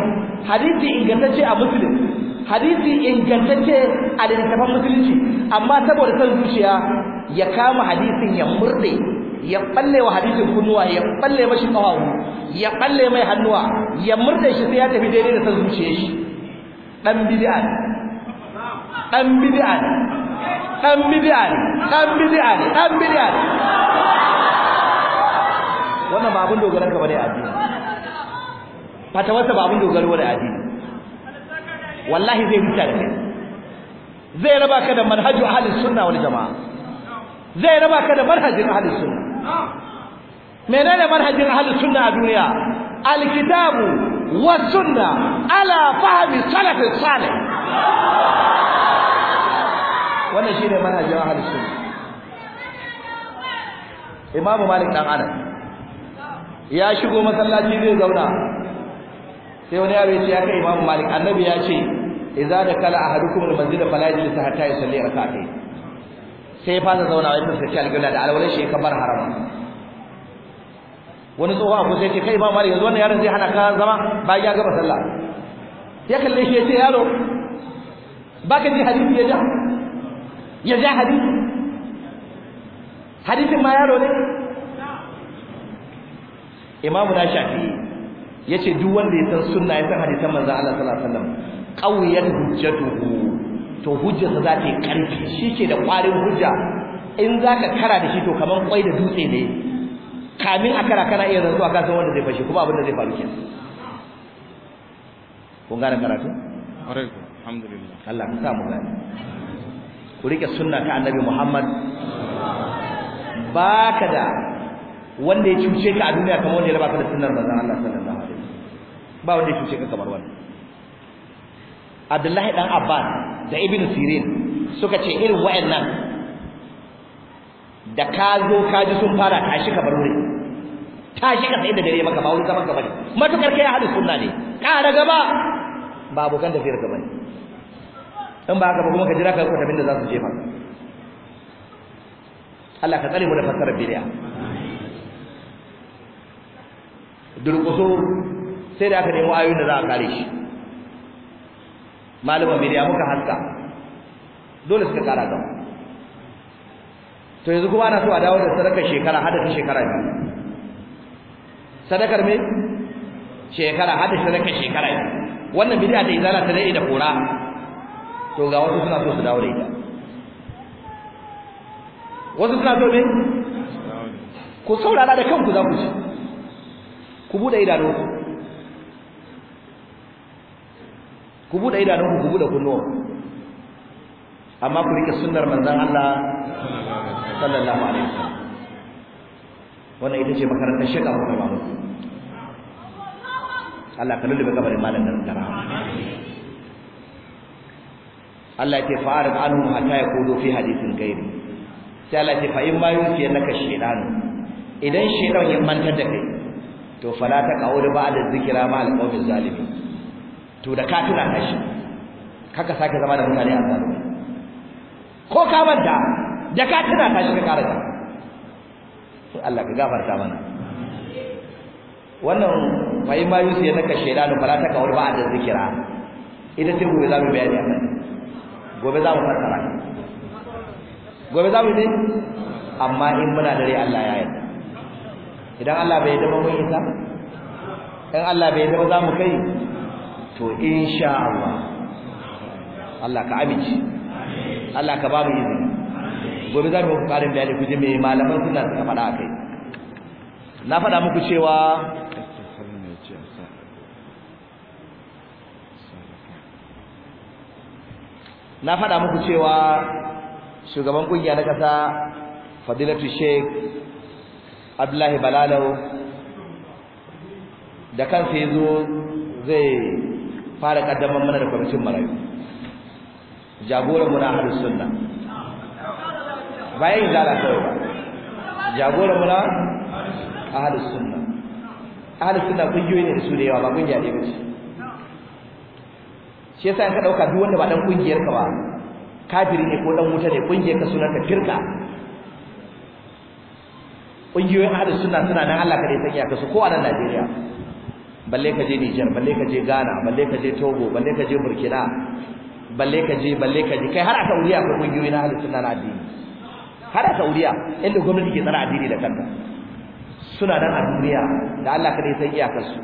hadisi ingantacce a Muslim hadisi ingantacce a littafin musulunci amma saboda san zuciya ya kama hadisin ya murde ya balle wa hadisin kunnuwa ya balle mashi kawawu ya balle mai hannuwa ya murde shi sai ya tafi daidai da san zuciyar shi dan bid'a ne dan bid'a ne dan bid'a ne dan bid'a ne dan bid'a ne wannan ba abin dogaran ka bane addini fatawarsa ba abin dogaro bane addini wallahi zai huta da kai zai raba ka da manhaju ahli sunna wal jamaa zai raba ka da manhajin ahli sunna menene manhajin ahli sunna a duniya alkitabu والسنة على فهم السلف الصالح wannan shine manhajin ahlus sunna Imam Malik dan Anas ya shigo masallaci zai zauna sai wani yaro ya ce ya kai Imam Malik annabi ya ce idza kala ahadukum al-masjid fala yajlis hatta yusalli rak'atayn sai fa zauna ya fuskaci alƙibla da alwala shi kamar haram. wani tsohon abu sai ce kai ba mara yanzu wannan yaron zai hana ka zama bayan ya gaba sallah ya kalle shi ya ce yaro 'Ba ka ji hadisi ya ja ya ja hadisi hadisin ma yaro ne imamu na shafi ya ce duk wanda ya san sunna ya san hadisan manzan Allah sallallahu alaihi wasallam qawiyat hujjatuhu to hujja za ta yi karfi shi ke da kwarin hujja in zaka kara da shi to kaman kwai da dutse ne kamin a kara kana iya rantsuwa ka san wanda zai fashe kuma abin da zai faru kenan kun gane karatu alhamdulillah Allah ka sa mu gane ku rike sunna ta annabi Muhammad baka da wanda ya cuce ka a duniya kamar wanda ya raba ka da sunnar manzon Allah sallallahu alaihi wasallam ba wanda ya cuce ka kamar wannan Abdullahi dan Abbas da Ibn Sirin suka ce irin wa'annan da ka zo ka ji sun fara tashi ka bar wuri tashi ka sai da dare maka ba wuri zaman ka bane matukar kai hadis sunna ne ƙara gaba ba abokan tafiyar gaba ne. in ba haka ba kuma ka jira ka kwata da za su jefa Allah ka tsare mu da fassarar bid'a durƙuso sai da aka nemi ayoyin da za a kare shi malaman bidiya muka hanta dole suka kara gaba to yanzu kuma ana so a dawo da sadakar shekara hada ta shekara biyu sadakar me shekara hada sadakar shekara biyu wannan bid'a da izala ta dai da kura to ga wasu suna so su dawo da ita wasu suna so ne ku saurara da kanku za ku ci ku bude idanu ku bude idanu ku bude kunnuwa amma ku rike sunnar manzon Allah sallallahu alaihi wasallam wannan ita ce makarantar shaka ko ba Allah ka lullube kabarin malam nan tara Allah ya ce fa'arif anhum hatta yaqulu fi hadithin ghairi sai Allah ya ce fa in ma yusi annaka shaytan idan shaytan ya manta da kai to fala ta qawlu ba'da zikra ma al-qawmi zalimi to da ka tuna kashi kaka sake zama da mutane azzalimi ko ka manta da ka tana ta shiga ka ta to Allah ka gafarta mana wannan fa in ma kashe yanaka shaydanu bala ta kawar ba da zikira ita ce gobe za mu bayani akan gobe za mu fassara gobe za mu yi amma in muna dare Allah ya yarda idan Allah bai yarda ba mun yi ta in Allah bai yarda ba za mu kai to insha Allah Allah ka amince Allah ka ba izini gobe za mu karin bayani ku kuje me malaman suna suka faɗa kai na faɗa muku cewa na faɗa muku cewa shugaban kungiya na ƙasa fadilatu sheik abdullahi balalau da kansa ya zo zai fara ƙaddamar mana da kwamitin marayu jagoran mu na ahlus sunna bayan izala kawai ba jagoran mu na ahlus sunna ahlus sunna kungiyoyi ne da su da yawa ba kungiya ne bace shi yasa in ka dauka duk wanda ba dan kungiyar ka ba kafiri ne ko dan wuta ne kungiyar ka sunan ka firka kungiyoyin ahlus sunna suna nan Allah kadai sanya ka su ko a nan Najeriya balle ka je Niger balle ka je Ghana balle ka je Togo balle ka je Burkina balle ka je balle ka je kai har a ko akwai kungiyoyi na ahlus sunna na addini har aka wuriya inda gwamnati ke tsara addini da kanta suna nan a duniya da Allah kada ya san iyakar su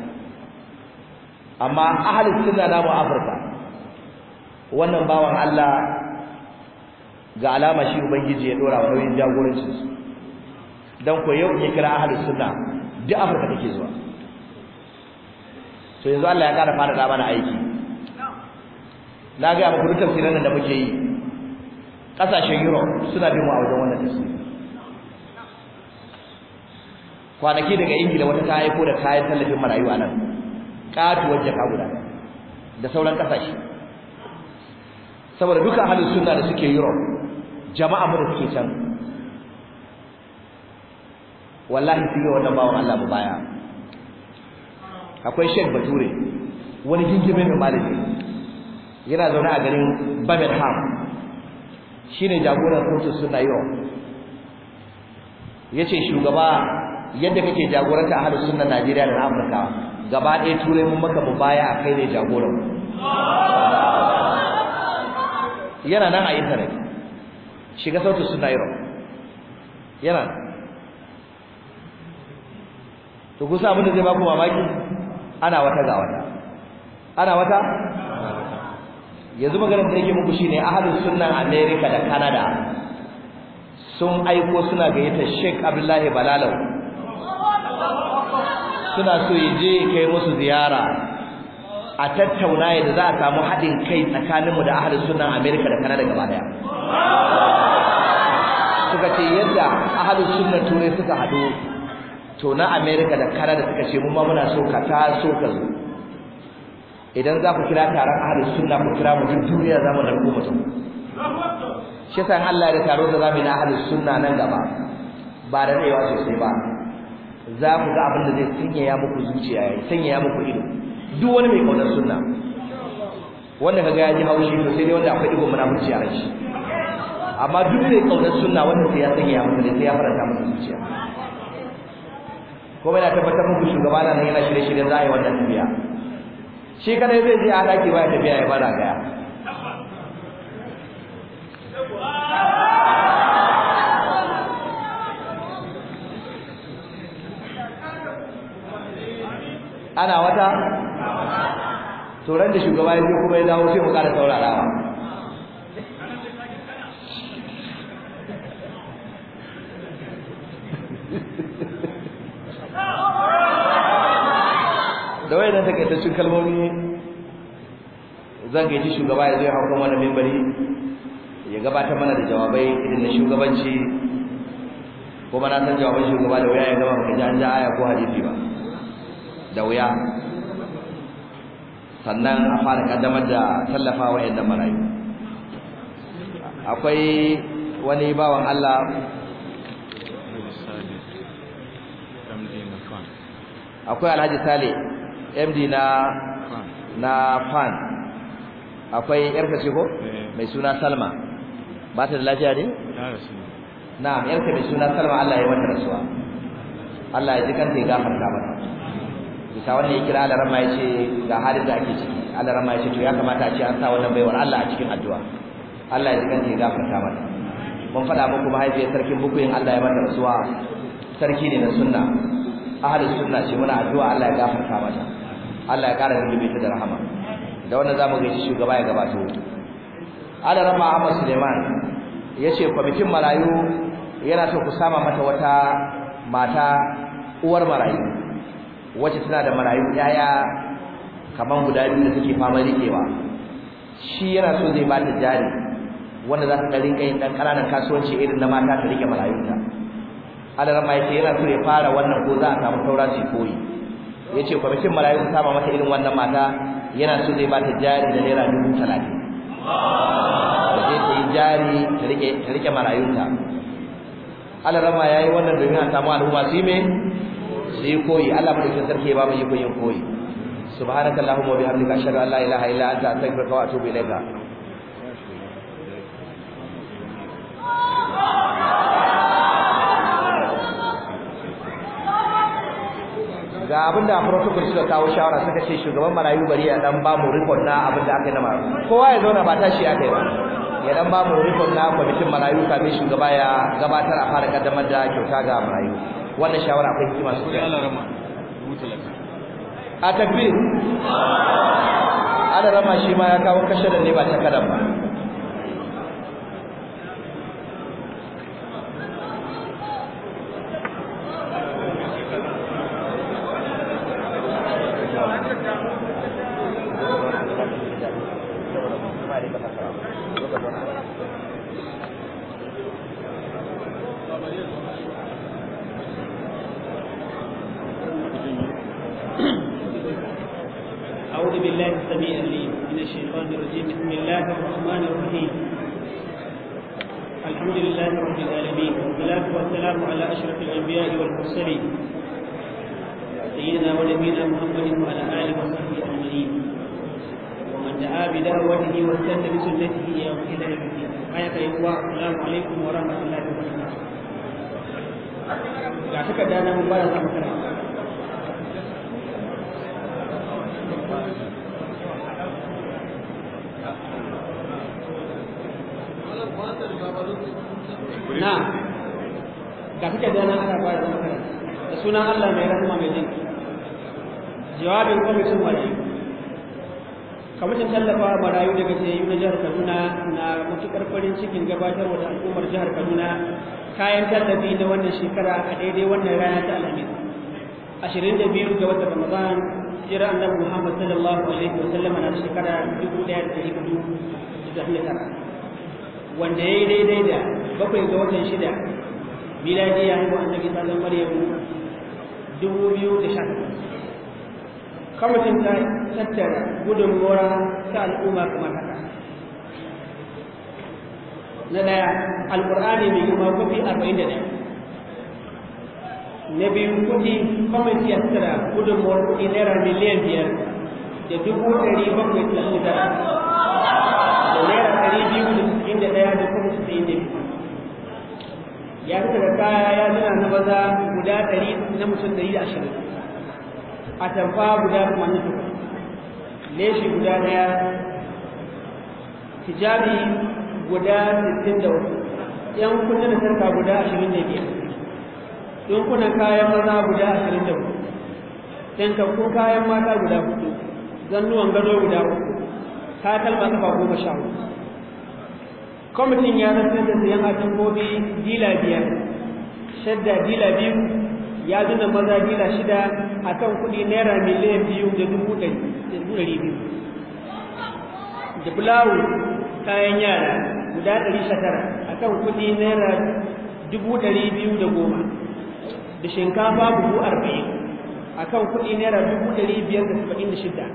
amma ahlus sunna na mu Afirka wannan bawan Allah ga alama shi ubangiji ya dora wa nauyin jagorancin dan ko yau ya kira ahlus sunna duk Afirka take zuwa To yanzu Allah ya kara fara da mana aiki na ga muku duk nan da muke yi kasashen Europe suna bin mu a wajen wannan tafsiri kwanaki daga Ingila wata ta haifo da kayan tallafin marayu a nan katuwar jaka guda da sauran kasashe saboda duka halin sunna da suke Europe jama'a mu da suke can wallahi sun yi wannan bawon Allah mu baya akwai Sheikh Bature wani jingimin malami yana zaune a garin Birmingham shine jagoran kotun suna yau yace shugaba yadda kake jagoranta a halin sunna Najeriya da Afirka gaba ɗaya turai mun maka mu baya a kai ne jagoran yana nan a internet shiga sautin suna yau yana to kusa abin da zai baku mamaki ana wata ga wata ana wata yanzu maganin da yake muku shine ahlus sunan America da Kanada, sun aiko suna gayyata Sheikh Abdullahi Balalau suna so ya je kai musu ziyara a tattauna yadda za a samu haɗin kai tsakaninmu da ahlus sunan America da Canada gaba daya suka ce yadda ahlus sunna turai suka haɗu to na America da Canada suka ce mu muna so ka taso ka zo idan za ku kira taron ahlus sunna ku kira mu duk duniya za mu dauko mutum shi san Allah da taro da za mu na ahlus sunna nan gaba ba da rewa sosai ba za ku ga abin da zai sanyaya muku zuciya ya sanyaya muku ido duk wani mai kaunar sunna wanda kaga ya ji haushi to sai dai wanda akwai digon munafurci a shi amma duk mai kaunar sunna wanda sai ya sanyaya muku sai ya faranta muku zuciya kuma yana tabbatar muku shugaba na yana shirye-shiryen za a yi wannan tafiya shi kadai zai je a daki ba tafiya ya fara gaya ana wata turan da shugaba ya kuma ya dawo sai mu kara saurarawa takaitaccen kalmomi zan gaji shugaba ya zai hakan wannan mimbari ya gabatar mana da jawabai irin na shugabanci kuma na san jawabai shugaba da wuya ya gama baka ji an ja aya ko hadisi ba da wuya sannan a fara kaddamar da tallafa wa yadda marayu akwai wani bawan Allah akwai alhaji sale MD na na fan akwai yarka ce ko eh. mai suna Salma ba ta da lafiya ne na yarka mai suna Salma Allah ya mata rasuwa Allah ya ji kanta ya gafarta mata bisa wannan ya kira alarama ya ce ga halin da ake ciki alarama ya ce to ya kamata a ce an sa wannan baiwar Allah a cikin addu'a Allah ya ji kanta ya gafarta mata mun faɗa muku mahaifiyar sarkin bukuyin Allah ya mata rasuwa sarki ne na sunna ahli sunna ce muna addu'a Allah ya gafarta mata Allah ya kara lullube ta da rahama da wannan zamu ga shi shugaba ya gabato rama Ahmad Suleiman yace kwamitin marayu yana so ku sama mata wata mata uwar marayu wacce tana da marayu Yaya kaman guda biyu da suke fama rikewa shi yana so zai bata jari wanda za ta rinka yin dan kananan kasuwanci irin na mata ta rike marayunta rama yace yana so ya fara wannan ko za a samu taurasi koyi yace kwamitin marayu sun sama mata irin wannan mata yana so zai bata jari da naira dubu talatin da zai ta yi jari ta rike marayunta alarama ya yi wannan domin a samu al'umma su yi me su yi koyi allah madaukin sarki ya ba mu yi koyin koyi subhanakallahumma wa bihamdika ashhadu an la ilaha illa anta astaghfiruka wa atubu ilaika ga abinda protocol suka kawo shawara suka ce shugaban marayu bari ya dan ba mu report na abinda aka yi na marayu kowa ya zauna ba tashi aka yi ba ya dan ba mu report na kwamitin marayu mai shugaba ya gabatar a fara kaddamar da kyauta ga marayu wannan shawara akwai hikima sosai a takbir ana rama shi ma ya kawo kashe da ne ba ta kadan ba gidana ana ba da zakara da sunan Allah mai rahama mai jin jawabin kwamitin marayu kwamitin tallafa marayu daga yi na jihar kaduna na mutukar farin cikin gabatar wa al'ummar jihar kaduna kayan tallafi na wannan shekara a daidai wannan rana ta alhamis ashirin da ga watan ramadan jira annabi muhammad sallallahu alaihi wa sallam na shekara dubu da da wanda ya yi daidai da bakwai ga watan shida miladi ya haihu annabi ta zan maryamu dubu biyu da sha kwamitin ta tattara mora ta al'umma kamar haka na daya alƙur'ani mai girma kofi arba'in da ɗaya na biyu kudi kwamitin ya tattara gudunmuwar kudi naira miliyan biyar da dubu ɗari bakwai da da naira ɗari biyu da cikin da ɗaya da kuma cikin da biyu ya fita da kaya ya zina na maza guda ɗari na mutum ɗari da ashirin a tamfa guda tamanin da leshi guda ɗaya hijabi guda sittin da wasu, yan kuna da sarka guda ashirin da biyar kuna kayan maza guda ashirin da uku kakko kayan mata guda hudu zannuwan gado guda uku takalma kafa goma sha hudu kwamitin ya rasu da sayan atambobi dila biyar shadda dila biyu ya zina maza dila shida a kan kuɗi naira miliyan biyu da dubu ɗari biyu da bulawu kayan yara guda ɗari sha a kan kuɗi naira dubu ɗari biyu da goma da shinkafa buhu arba'in a kan kuɗi naira dubu ɗari biyar da saba'in da shida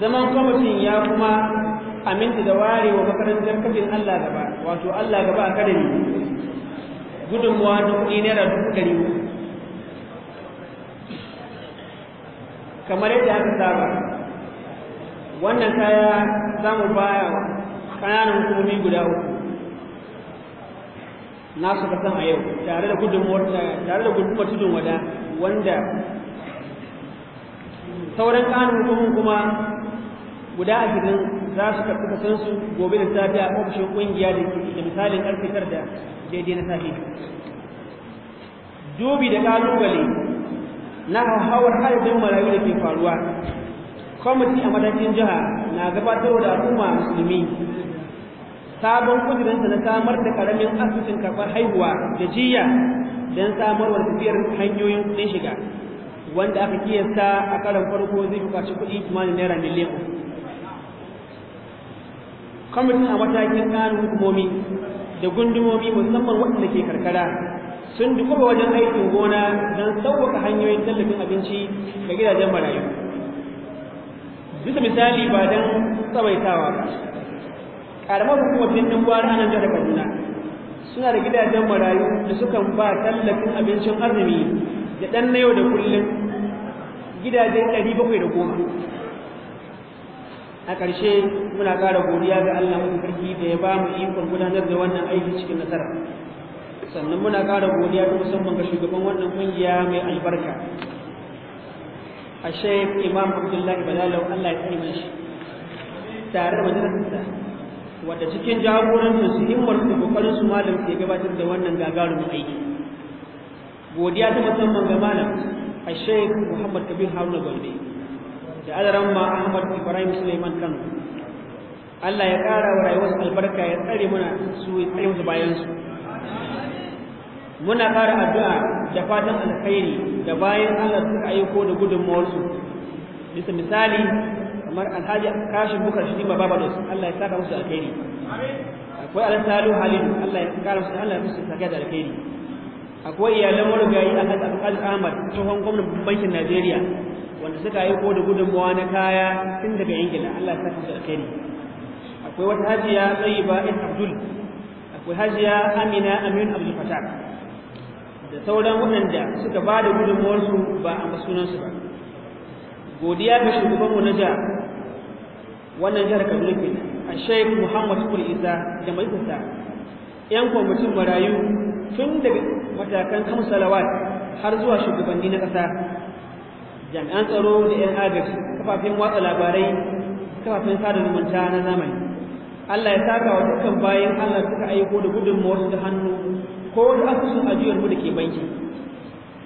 zaman kwamitin ya kuma aminta da ware wa makarantar kafin Allah gaba wato Allah gaba a karin gudunmuwa da kuɗi naira dubu ɗari kamar yadda aka saba wannan kaya za mu baya ƙananan hukumomi guda uku ka san a yau tare da gudunmuwar tare da gudunmuwar tudun wada wanda sauran ƙananan hukumomin kuma guda a cikin. za su karɓi kasansu gobe da safe a ofishin ƙungiya da ke misalin ƙarfe tar da daidai na safe dubi da ƙalubale na hauhawar harbin marayu da ke faruwa kwamiti a matakin jiha na gabatar da al'umma musulmi sabon kudurinsa na samar da ƙaramin asusun karɓar haihuwa da jiya don samarwa da tafiyar hanyoyin kuɗin shiga wanda aka kiyasta a karan farko zai bukaci kuɗi kimanin naira miliyan kwamitin a matakin ƙanin hukumomi da gundumomi musamman waɗanda ke karkara sun dukuba wajen aikin gona don sauwaka hanyoyin tallafin abinci ga gidajen marayu bisa misali ba don tsawaitawa ba ƙaramar hukumar birnin buwar a jihar kaduna suna da gidajen marayu da sukan ba tallafin abincin azumi da ɗan na yau da kullum gidajen ɗari bakwai da goma a ƙarshe muna ƙara godiya ga Allah mu sarki da ya ba mu ikon gudanar da wannan aiki cikin nasara sannan muna ƙara godiya ta musamman ga shugaban wannan ƙungiya mai albarka a shaif imam abdullahi balalau Allah ya mai shi tare da majalisa wadda cikin jagorancin su himmar da kokarin su malam ke gabatar da wannan gagarumin aiki godiya ta musamman ga malam a shaif muhammad kabir haruna gombe da adaran ma Ahmad Ibrahim Suleiman Kano Allah ya ƙara wa rayuwarsu albarka ya tsare muna su ya tsare musu bayan su muna ƙara addu'a da fatan alkhairi da bayan Allah suka aiko da gudunmawar su bisa misali kamar Alhaji Kashin Bukar shi ba Allah ya saka musu alkhairi akwai Alsalu Halil Allah ya ƙara musu Allah ya musu saka da alkhairi akwai iyalan marigayi a kan alƙal ahmad tsohon gwamnan bankin najeriya wanda suka yi da gudunmawa na kaya tun daga ingila Allah ya saka alkhairi akwai wata hajiya tsayiba in abdul akwai hajiya amina amin abdul fatah da sauran waɗanda suka ba da gudunmawarsu ba a masunansu ba godiya ga shugabanmu na jihar wannan jihar kaduna a shaikh muhammad tukur da majalisarsa yan kwamitin marayu tun daga matakan kamsalawat har zuwa shugabanni na ƙasa jami'an tsaro da 'yan agaji kafafen watsa labarai kafafen sada zumunta na zamani Allah ya saka wa dukkan bayan Allah suka aiko da gudunmuwarsu da hannu ko da asusun ajiyar mu da ke banki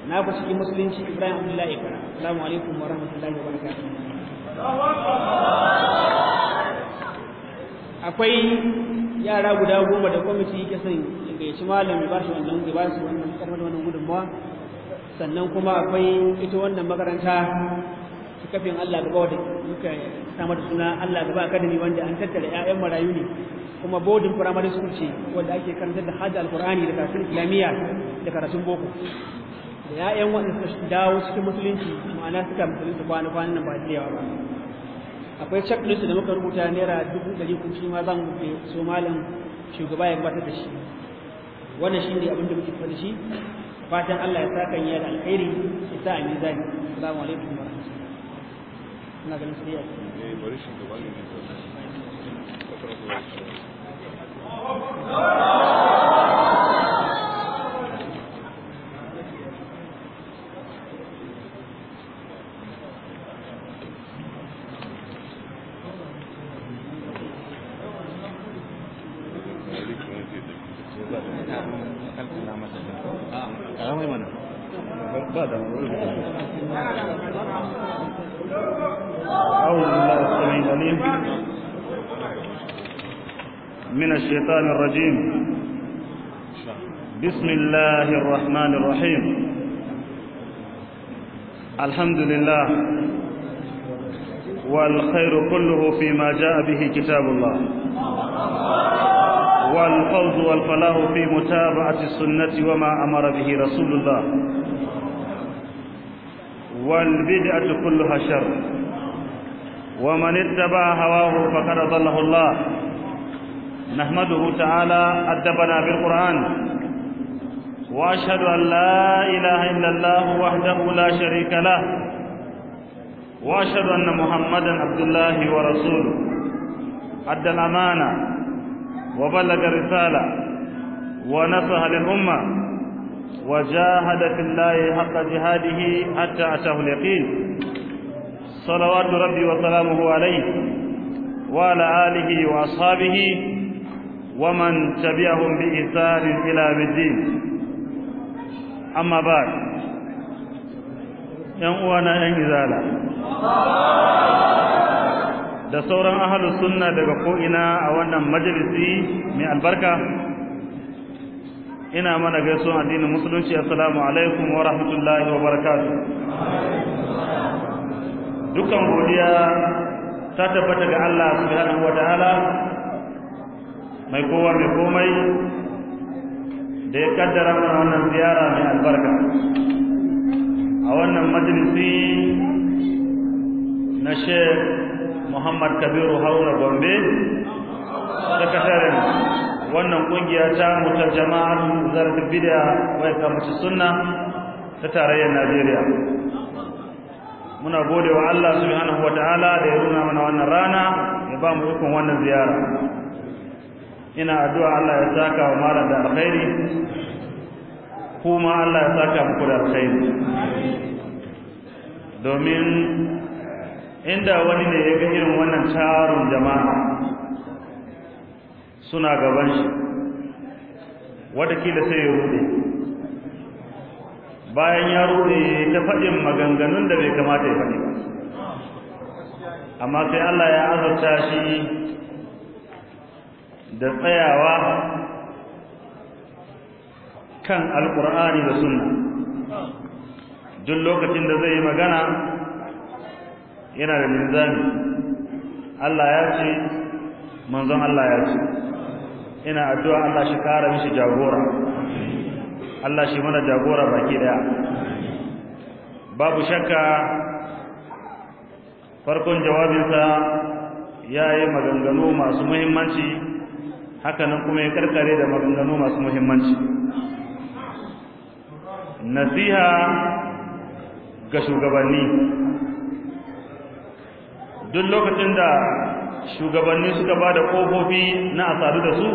na ku cikin musulunci Ibrahim Abdullahi Ibra assalamu alaikum wa rahmatullahi wa akwai yara guda goma da kwamiti yake son gayyaci malam ya ba shi wannan ya ba shi wannan karfar wannan gudunmawa sannan kuma akwai ita wannan makaranta ta kafin Allah gaba wadda muka samar da suna Allah gaba academy wanda an tattara 'ya'yan marayu ne kuma bodin primary school ce wanda ake karantar da hajji alkur'ani da karatun islamiyya da karatun boko da 'ya'yan wanda suka dawo cikin musulunci ma'ana suka musulunci kwana kwanan nan ba da ba akwai checklist da muka rubuta naira dubu ɗari kuma shi ma za mu so malam shugaba ya gabatar da shi wannan shi ne abin da muke fada shi fatan Allah ya saka yi da alheri ya sa ni zai assalamu alaikum wa rahmatullahi ina ganin sai eh bari shi gaba ne من الشيطان الرجيم بسم الله الرحمن الرحيم الحمد لله والخير كله فيما جاء به كتاب الله والفوز والفلاح في متابعة السنة وما أمر به رسول الله والبدعة كلها شر ومن اتبع هواه فقد ضله الله نحمده تعالى أدبنا بالقرآن وأشهد أن لا إله إلا الله وحده لا شريك له وأشهد أن محمدا عبد الله ورسوله أدى الأمانة وبلغ الرسالة ونصح للأمة وجاهد في الله حق جهاده حتى أتاه اليقين صلوات ربي وسلامه عليه وعلى آله وأصحابه ومن تبعهم بإحسان إلى بالدين أما بعد ‘yan uwana ‘yan izala da sauran ahalus sunna daga ko'ina a wannan majalisi mai albarka ina mana gaisuwan addinin musulunci assalamu alaikum wa rahmatullahi wa barakatu dukkan godiya ta tabbata ga Allah subhanahu wa ta'ala mai kowa mai komai da ya kaddara mana wannan ziyara mai albarka a wannan majalisi na Sheikh Muhammad Kabiru Haruna Gombe sakataren wannan kungiya ta mutar jama'ar zarar bid'a wai ta sunna ta tarayyar Najeriya muna gode wa Allah subhanahu wataala da ya nuna mana wannan rana ya ba mu ikon wannan ziyara ina addu'a Allah ya saka wa malam da alkhairi kuma Allah ya saka muku da alkhairi domin inda wani ne ya ga irin wannan taron jama'a suna gaban shi kila sai ya rude bayan ya rude ta faɗin maganganun da bai kamata ya faɗi amma sai Allah ya azurta shi da tsayawa kan alkur'ani da sunna duk lokacin da zai yi magana yana da linzami Allah ya ce manzon Allah ya ce ina addu'a Allah shi kara mishi jagora Allah shi mana jagora baki daya babu shakka farkon jawabinsa ya yi maganganu masu muhimmanci haka nan kuma ya karkare da maganganu masu muhimmanci nasiha ga shugabanni duk lokacin da shugabanni suka ba da ƙofofi na asaru da su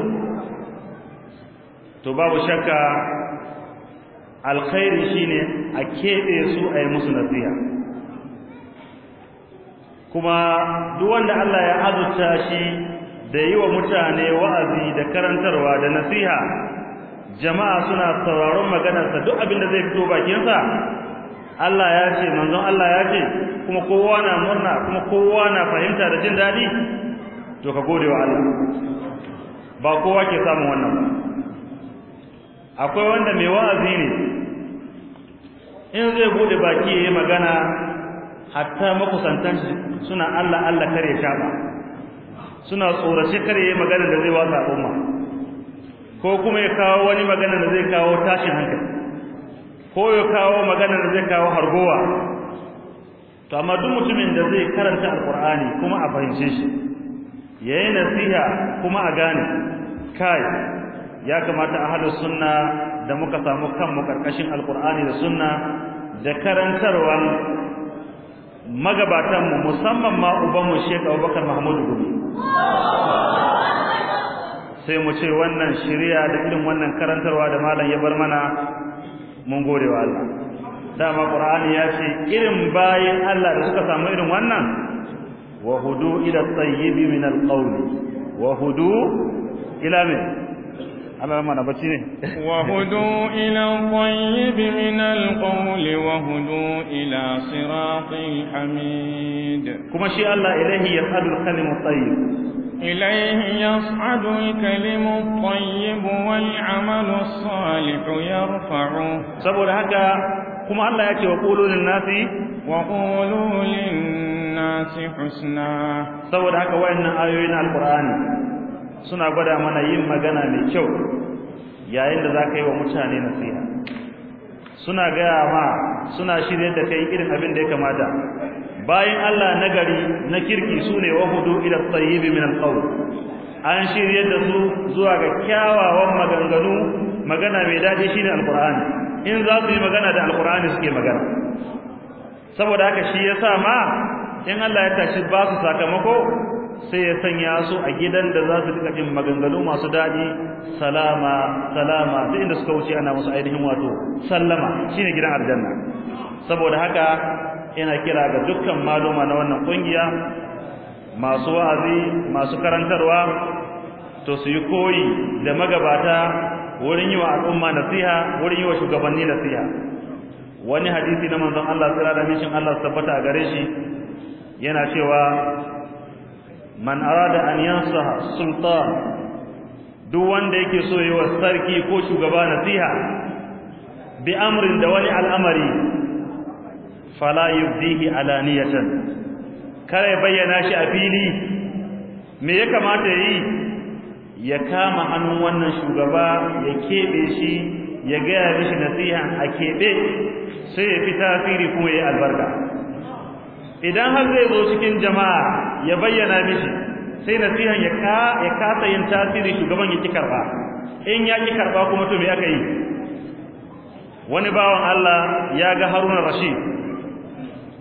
to babu shakka alkhairi shine a keɓe su a yi musu nasiha kuma duk wanda Allah ya azurta shi da yi wa mutane wa'azi da karantarwa da nasiha jama'a suna sauraron maganarsa duk abin da zai fito bakinsa Allah ya ce manzon Allah ya ce kuma kowa na murna kuma kowa na fahimta da jin daɗi to ka gode wa Allah ba kowa ke samun wannan ba akwai wanda mai wa'azi ne in zai bude baki ya yi magana hatta makusantan suna Allah Allah kare shaɓa suna tsorace kare magana da zai wasa umma. ko kuma ya kawo wani magana da zai kawo tashin hankali ko ya kawo magana da zai kawo hargowa to amma duk mutumin da zai karanta alqur'ani kuma a fahimce shi yayi nasiha kuma a gane kai ya kamata a ahlus sunna da muka samu kanmu karkashin alqur'ani da sunna da karantarwa magabatan mu musamman ma uban mu Sheikh Abubakar Mahmudu Gumi sai mu ce wannan shari'a da irin wannan karantarwa da malam ya bar mana mun gode wa Allah dama Qur'ani ya ce irin bayin Allah da suka samu irin wannan wa hudu ila tayyibi min alqawli wa hudu ila min alal mana bacci ne kuma shi Allah ilahi ya hadu kalim tayyib ilayhi yas'ad al kalim tayyib haka kuma Allah ya ce wa qulu lin nasi wa qulu husna saboda haka wayannan ayoyi na alqur'ani suna gwada mana yin magana mai kyau yayin da za ka yi wa mutane nasiha suna gaya ma suna shirye da kai irin abin da ya kamata bayan Allah nagari na kirki sune wahudu ila idan min alƙawu. an shirye da su zuwa ga kyawawan maganganu magana mai daɗi shi ne Alƙur'ani. in za su yi magana da Alƙur'ani suke magana saboda haka shi ya sa ma in Allah ya tashi ba su sakamako sai ya sanya su a gidan da za su rika jin maganganu masu daɗi salama salama duk inda suka wuce ana musu ainihin wato sallama shine gidan aljanna saboda haka ina kira ga dukkan maluma na wannan kungiya masu wa'azi masu karantarwa to su yi koyi da magabata wurin yi wa al'umma nasiha wurin yi wa shugabanni nasiha wani hadisi na manzon Allah tsira da mishin Allah tabbata a gare shi yana cewa man arada an yansaha sultan duk wanda yake so yi wa sarki ko shugaba nasiha bi amrin da wani al'amari fala yubdihi alaniyatan kare bayyana shi a fili me ya kamata yi ya kama hannun wannan shugaba ya kebe shi ya gaya mishi nasiha a kebe sai ya fi tasiri kuma ya albarka idan har zai zo cikin jama'a ya bayyana mishi sai nasihan ya ka ya kasa yin tasiri shugaban ya ki karba in ya ki karba kuma to me aka yi wani bawan Allah ya ga Haruna Rashid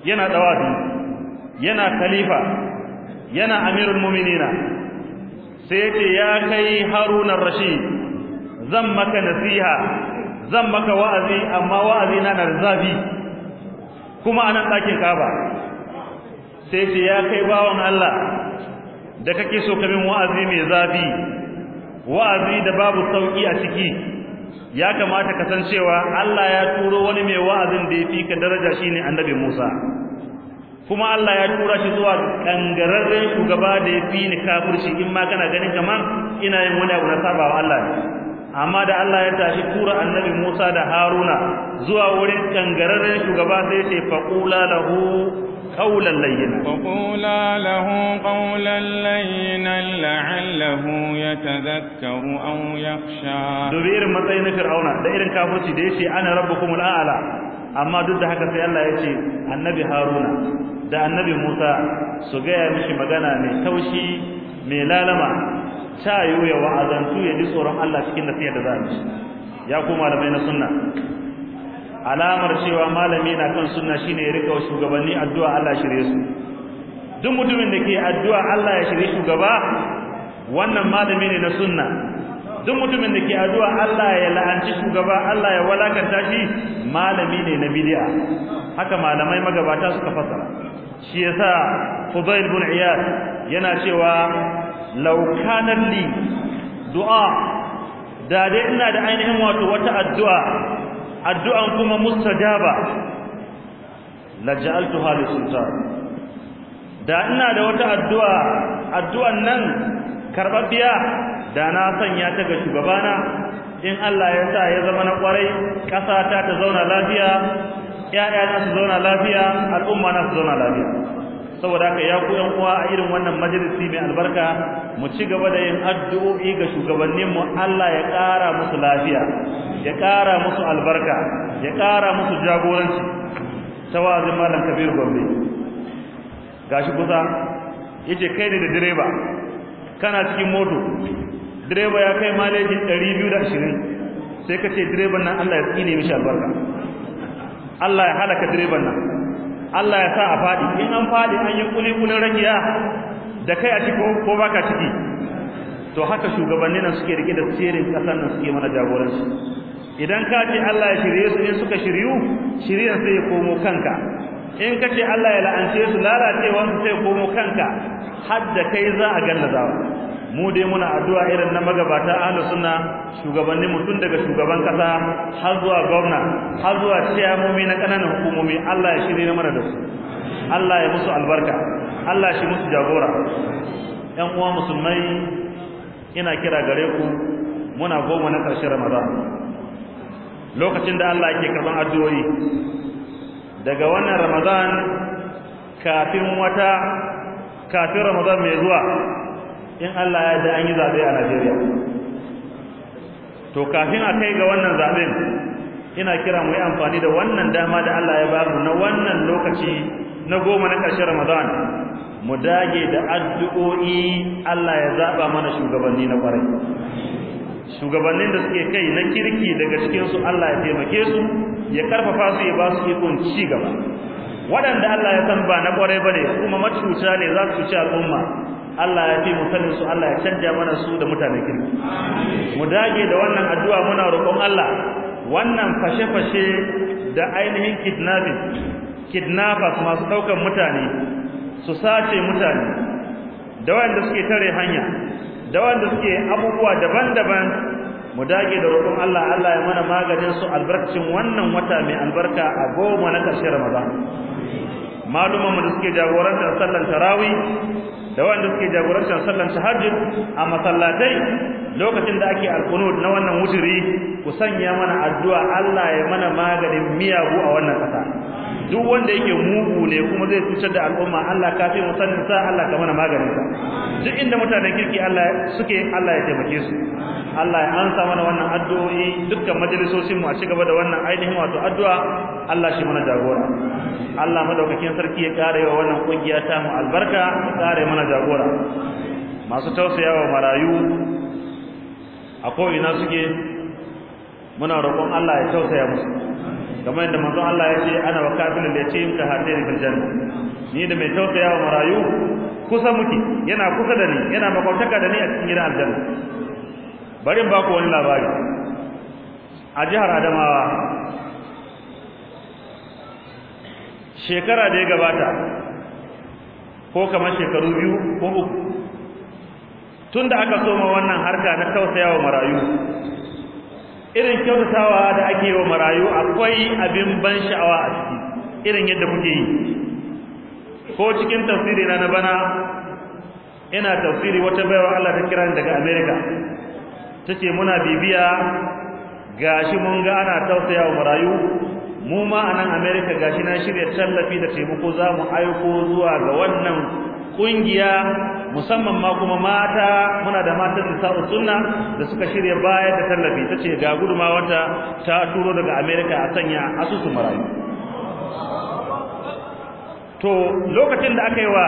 yana dawabi yana khalifa yana amirul mu'minina sai ce ya kai Haruna Rashid zan maka nasiha zan maka wa'azi amma wa'azi na da zafi kuma anan ɗakin kaba. sai ce ya kai bawan Allah da kake so kamin wa'azi mai zafi wa'azi da babu sauki a ciki ya kamata ka san cewa Allah ya turo wani mai wa'azin da ya yafi ka daraja shine annabi Musa kuma Allah ya tura shi zuwa kangararren shugaba da yafi ni kafirci in ma kana ganin kaman ina yin wani abu na sabawa Allah ne amma da Allah ya tashi tura annabi Musa da Haruna zuwa wurin kangararren shugaba sai ce faqula lahu qawlan layyin faqula lahu qawlan layyin la'allahu yatadhakkaru aw yakhsha dubir irin matsayin Fir'auna da irin kafirci da yace ana rabbukumul a'la amma duk da haka sai Allah ya ce annabi Haruna da annabi Musa su ga mishi magana mai taushi mai lalama ta yiwu ya wa'azantu ya ji tsoron Allah cikin nasiyar da za a ci ya ku malamai na sunna alamar cewa malami na kan sunna shine ya rika shugabanni addu'a Allah shirye su duk mutumin da ke addu'a Allah ya shirye shugaba wannan malami ne na sunna duk mutumin da ke addu'a Allah ya la'anci shugaba Allah ya walakanta shi malami ne na bid'a haka malamai magabata suka fasara shi yasa Fudail ibn Iyad yana cewa law kana li du'a da dai ina da ainihin wato wata addu'a addu'an kuma mustajaba la ja'altuha li sultan da ina da wata addu'a addu'an nan karbabbiya da na sanya ta ga shugabana in Allah ya sa ya zama na kwarai kasa ta ta zauna lafiya na su zauna lafiya al'umma na su zauna lafiya saboda haka ya ku yan uwa a irin wannan majalisi mai albarka mu ci gaba da yin addu'o'i ga shugabannin mu Allah ya ƙara musu lafiya ya ƙara musu albarka ya ƙara musu jagoranci tawazin malam Kabir Gombe gashi kusa yace kai ne da direba kana cikin moto direba ya kai maleji 220 sai ka ce direban nan Allah ya tsine mishi albarka Allah ya halaka direban nan Allah ya sa a faɗi, in an faɗi an yi kuli ragiya, da kai a ciki ko baka ciki to haka shugabanni nan suke rike da tsirin ƙasar nan suke mana jagoranci idan ka ce Allah ya shirye su ne suka shiryu shirya sai ya komo kanka in ka ce Allah ya la'ance su lalacewa sai ya komo kanka har da kai za a gallazawa mu dai muna addu'a irin na magabata ahlus sunna shugabanni mutun daga shugaban kasa har zuwa gwamna har zuwa ciyamomi na kananan hukumomi Allah ya shirye mana da su Allah ya musu albarka Allah shi musu jagora ƴan uwa musulmai ina kira gare ku muna goma na ƙarshen Ramadan lokacin da Allah yake karban addu'o'i daga wannan Ramadan kafin wata kafin Ramadan mai zuwa in Allah ya ji an yi zaɓe a Najeriya to kafin a kai ga wannan zaɓen ina kira mu yi amfani da wannan dama da Allah ya ba mu na wannan lokaci na goma na ƙarshen Ramadan mu dage da addu'o'i Allah ya zaɓa mana shugabanni na ƙwarai shugabannin da suke kai na kirki daga cikin su Allah ya taimake su ya karfafa su ya ba su ikon ci gaba waɗanda Allah ya san ba na ƙwarai ne kuma macuta ne za su ci al'umma Allah ya fi mu su Allah ya canja mana su da mutanen kirki mu dage da wannan addu'a muna roƙon Allah wannan fashe-fashe da ainihin kidnapping kidnappers masu ɗaukan mutane su sace mutane da wanda suke tare hanya da wanda suke abubuwa daban-daban mu dage da roƙon Allah Allah ya mana maganin su albarkacin wannan wata mai albarka a goma na ƙarshen Ramadan mu da suke jagorantar sallar tarawih da wanda suke jagorantar sallar tahajjud a masallatai lokacin da ake alqunut na wannan wuturi ku sanya mana addu'a Allah ya mana maganin miyagu a wannan kasa duk wanda yake mugu ne kuma zai cutar da al'umma Allah kafin fi musannin sa Allah ka mana maganin sa duk inda mutanen kirki Allah suke Allah ya taimake su Allah ya ansa mana wannan addu'o'i dukkan majalisosin mu a cigaba da wannan ainihin wato addu'a Allah shi mana jagora Allah madaukakin sarki ya kare wa wannan kungiya ta mu albarka ya kare mana jagora masu tausayawa marayu a ko ina suke muna roƙon Allah ya tausaya musu kamar yadda manzon Allah ya ce ana wa kafirin da yatim ka hadaini fil janna ni da mai tausaya wa marayu kusa muke yana kusa da ni yana makwataka da ni a cikin gidan aljanna bari in baku wani labari a jihar Adamawa shekara da ya gabata ko kamar shekaru biyu ko uku tunda aka soma wannan harka na tausayawa marayu irin kyautatawa da ake wa marayu akwai abin ban sha'awa a ciki irin yadda kuke yi ko cikin tafsiri na bana ina tafsiri wata baiwa Allah ta kira daga America tace muna bibiya gashi mun ga ana wa marayu mu ma a nan America gashi na shirya tallafi da taimako zamu aiko zuwa ga wannan kungiya musamman ma kuma mata muna da matan nisa'u sunna da suka shirya bayar da tallafi tace ga guduma wata ta turo daga America a sanya asusun marayu to lokacin da aka yi wa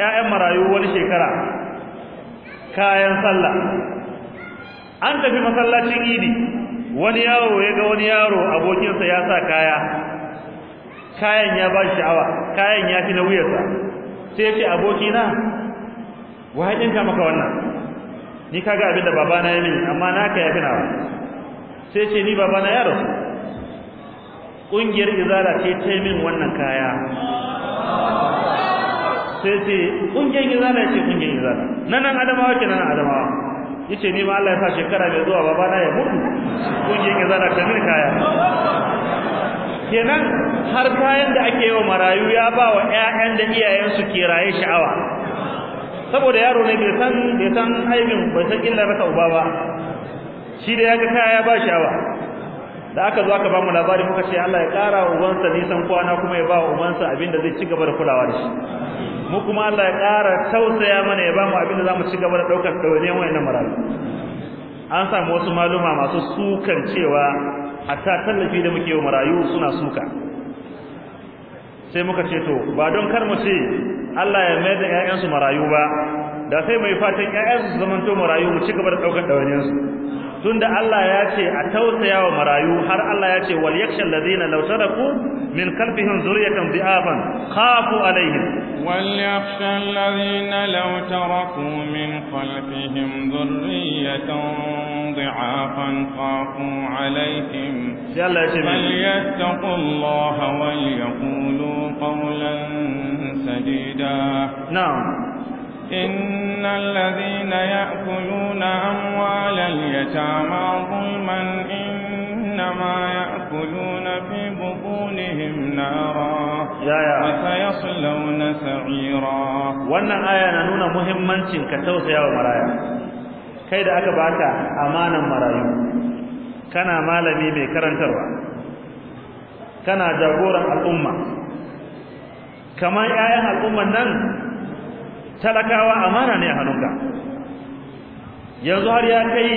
'ya'yan marayu wani shekara kayan sallah an tafi masallacin idi wani yaro ya ga wani yaro abokinsa ya sa kaya kayan ya ba shi sha'awa kayan ya fi na wuyarsa sai yake aboki na wai dinka maka wannan ni kaga abin da babana ya min. amma naka yafi nawa sai ce ni babana ya rasu kungiyar izara ce ta min wannan kaya sai ce kungiyar izara ce kungiyar izara nan nan adamawa nan adamawa yace ni ma Allah ya sa shekara mai zuwa babana ya mutu kungiyar izara ta min kaya kenan har kayan da ake yi wa marayu ya ba wa ƴaƴan da iyayensu ke raye sha'awa saboda yaro ne bai san bai san aibin bai san illar rasa uba ba shi da yaga kaya ya ba sha'awa da aka zo aka ba mu labari muka ce Allah ya kara wa ubansa nisan kwana kuma ya ba wa ubansa abin da zai ci gaba da kulawa da shi mu kuma Allah ya ƙara tausaya mana ya ba mu abin da za mu ci gaba da ɗaukar ne wayannan marayu an samu wasu maluma masu sukan cewa hatta tallafi da muke wa marayu suna suka sai muka ce to ba don kar mu ce Allah ya mai da 'ya'yansu marayu ba da sai mai fatan ƴaƴan su zamanto marayu mu ci gaba da ɗaukar ɗawainiyarsu tunda Allah ya ce a tausaya wa marayu har Allah ya ce wal yakshal ladina law taraku min qalbihim dhurriyatan dhi'afan khafu alaihim wal yakshal ladina law taraku min qalbihim zuriyatan dhi'afan khafu alaihim falyattaqullaha wal yaqulu qawlan sadida na'am إن الذين يأكلون أموال اليتامى ظلما إنما يأكلون في بطونهم نارا وسيصلون سعيرا wannan aya na nuna muhimmancin ka tausaya maraya kai da aka baka amanan marayu kana malami mai karantarwa kana jagoran al'umma kamar 'ya'yan al'umman nan talakawa amana ne a hannunka yanzu har ya kai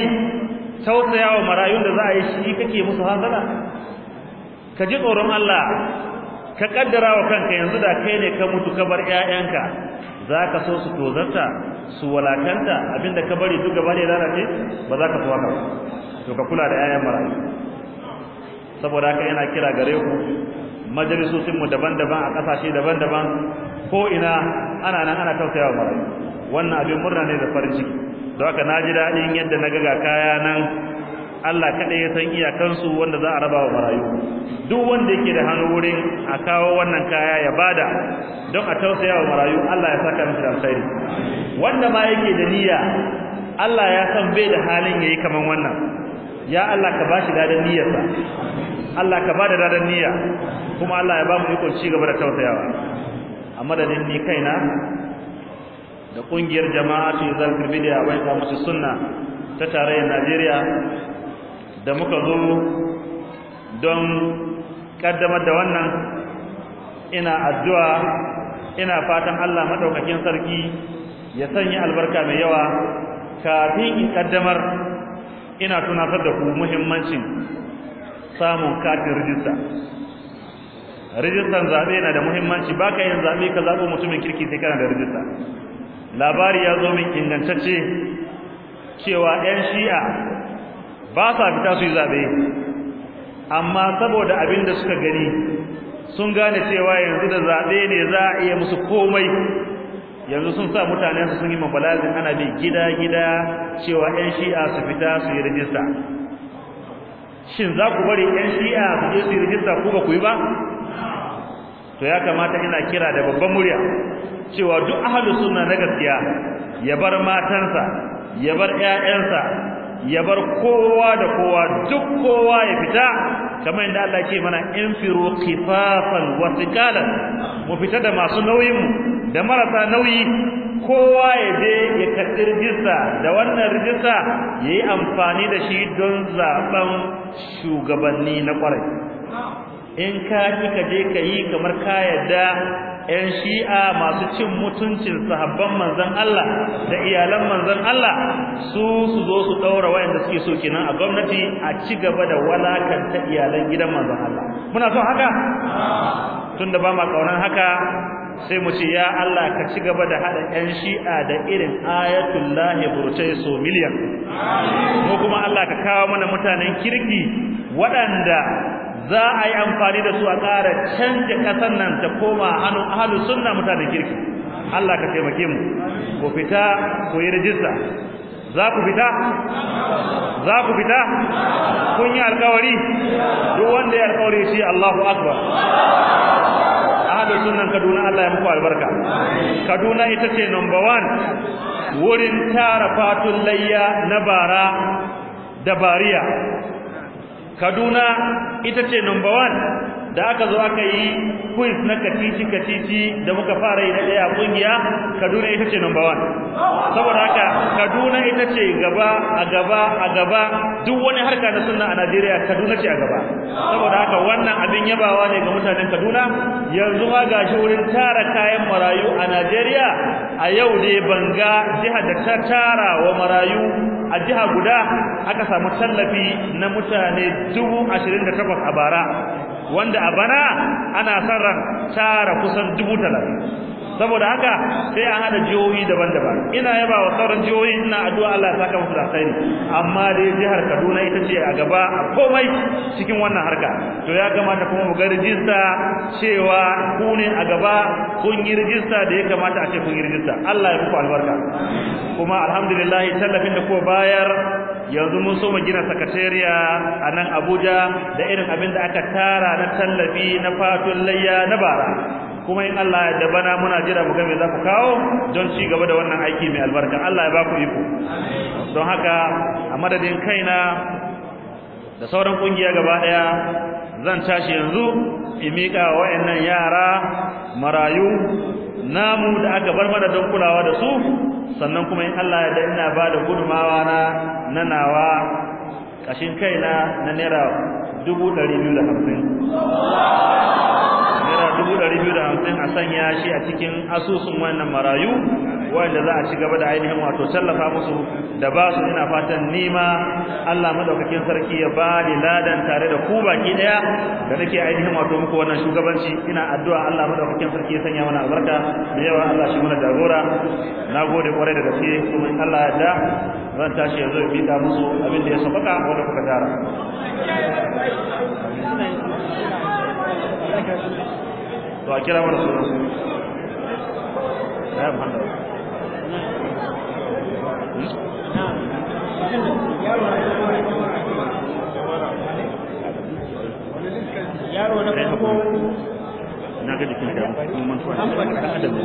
tausayawa marayun da za a yi shi kake musu hasala ka ji tsoron Allah ka kaddara wa kanka yanzu da kai ne ka mutu ka bar ƴaƴanka ka so su tozanta su walakanta abinda ka bari duk gaba ne lalace ba za ka so haka to ka kula da ƴaƴan marayu saboda haka yana kira gare ku majalisocinmu daban-daban a ƙasashe daban-daban ko ina ana nan ana tausayawa marayu wannan abin murna ne da farin ciki don haka naji dadin yadda na ga kaya nan Allah kaɗai ya san iyakansu wanda za a raba wa marayu duk wanda yake da hannu wurin a kawo wannan kaya ya bada don a tausayawa marayu Allah ya saka miki alkhairi wanda ma yake da niyya Allah ya san bai da halin yayi kaman wannan ya Allah ka bashi dadan niyyarsa Allah ka bada dadan niyya kuma Allah ya ba mu iko ci gaba da tausayawa a madadin ni kaina da kungiyar jama'a ce zalkar bid'a wa musu sunna ta tarayyar Najeriya da muka zo don kaddamar da wannan ina addu'a ina fatan Allah madaukakin sarki ya sanya albarka mai yawa kafin in kaddamar ina tunatar da ku muhimmancin samun katin rijista rijistan zabe na da muhimmanci baka yin zabe ka zabo mutumin kirki sai kana da rijista labari ya zo min ingantacce cewa 'yan shi'a ba sa fita su yi zabe amma saboda abin da suka gani sun gane cewa yanzu da zabe ne za a iya musu komai yanzu sun sa mutane su sun yi mabalazin ana bi gida gida cewa 'yan shi'a su fita su yi rijista shin za ku bari 'yan shi'a su je su yi rijista ko ba ku yi ba to ya kamata ina kira da babban murya cewa duk ahlu sunna na gaskiya ya bar matansa ya bar ƴaƴansa ya bar kowa da kowa duk kowa ya fita kamar yadda Allah ke mana firu khifafan wa thiqalan mu fita da masu nauyin da marasa nauyi kowa ya je ya rijista da wannan rijista yayi amfani da shi don zaben shugabanni na kwarai in ka ki ka je ka yi kamar ka yadda ƴan shi'a masu cin mutuncin sahabban manzan Allah da iyalan manzan Allah su su zo su daura wayanda suke so kenan a gwamnati a ci gaba da walakanta iyalan gidan manzon Allah muna son haka tunda ba ma kaunan haka sai mu ce ya Allah ka ci gaba da hada ƴan shi'a da irin ayatul lahi burtai so miliyan mu kuma Allah ka kawo mana mutanen kirki waɗanda za a yi amfani da su a ƙara canza ƙasar nan ta koma hannun ahlus sunna mutanen kirki Allah ka taimake mu ku fita ku yi rijista za ku fita za ku fita kun yi alƙawari duk wanda ya alkawari shi Allahu akbar ahlus sunnan Kaduna Allah ya muku albarka Kaduna ita ce number one wurin tara fatun layya na bara da bariya Kaduna ita ce number 1 da aka zo aka yi quiz na katici katici da muka fara yi na daya kungiya Kaduna ita ce number 1 saboda haka Kaduna ita ce gaba a gaba a gaba duk wani harka na sunna a Najeriya Kaduna ce a gaba saboda haka wannan abin yabawa ne ga mutanen Kaduna yanzu ma gashi wurin tara kayan marayu a Najeriya a yau ne banga jihar da ta tara wa marayu a jiha guda aka samu tallafi na mutane 28 a bara wanda a bana ana son ran tara kusan 30 saboda haka sai an hada jihohi daban-daban ina yaba wa sauran jihohi ina addu'a Allah ya saka musu da alkhairi amma dai jihar Kaduna ita ce a gaba a komai cikin wannan harka to ya kamata kuma mu ga rijista cewa ku ne a gaba kun yi rijista da ya kamata a ce kun yi rijista Allah ya muku albarka kuma alhamdulillah tallafin da ko bayar yanzu mun so mu gina sakatariya a nan Abuja da irin abin da aka tara na tallafi na fatun layya na bara kuma in Allah ya bana muna jira mu ga me za ku kawo don ci gaba da wannan aiki mai albarka Allah ya ba ku iko don haka a madadin kaina da sauran kungiya gaba daya zan tashi yanzu in mika wayannan yara marayu namu da aka bar mana don kulawa da su sannan kuma in Allah ya yarda ina ba da gudumawa na nanawa kashin kaina na naira dubu ɗari biyu da hamsin a sanya shi a cikin asusun wannan marayu wanda za a ci gaba da ainihin wato tallafa musu da ba su ina fatan nima Allah madaukakin sarki ya ba ni ladan tare da ku baki daya da nake ainihin wato muku wannan shugabanci ina addu'a Allah madaukakin sarki ya sanya mana albarka da yawa Allah shi mana jagora nagode kwarai da gaske kuma Allah ya da zan tashi yanzu in bi musu abin da ya sabaka wanda kuka tara to a kira mana su yaro na farko na ga jikin da adam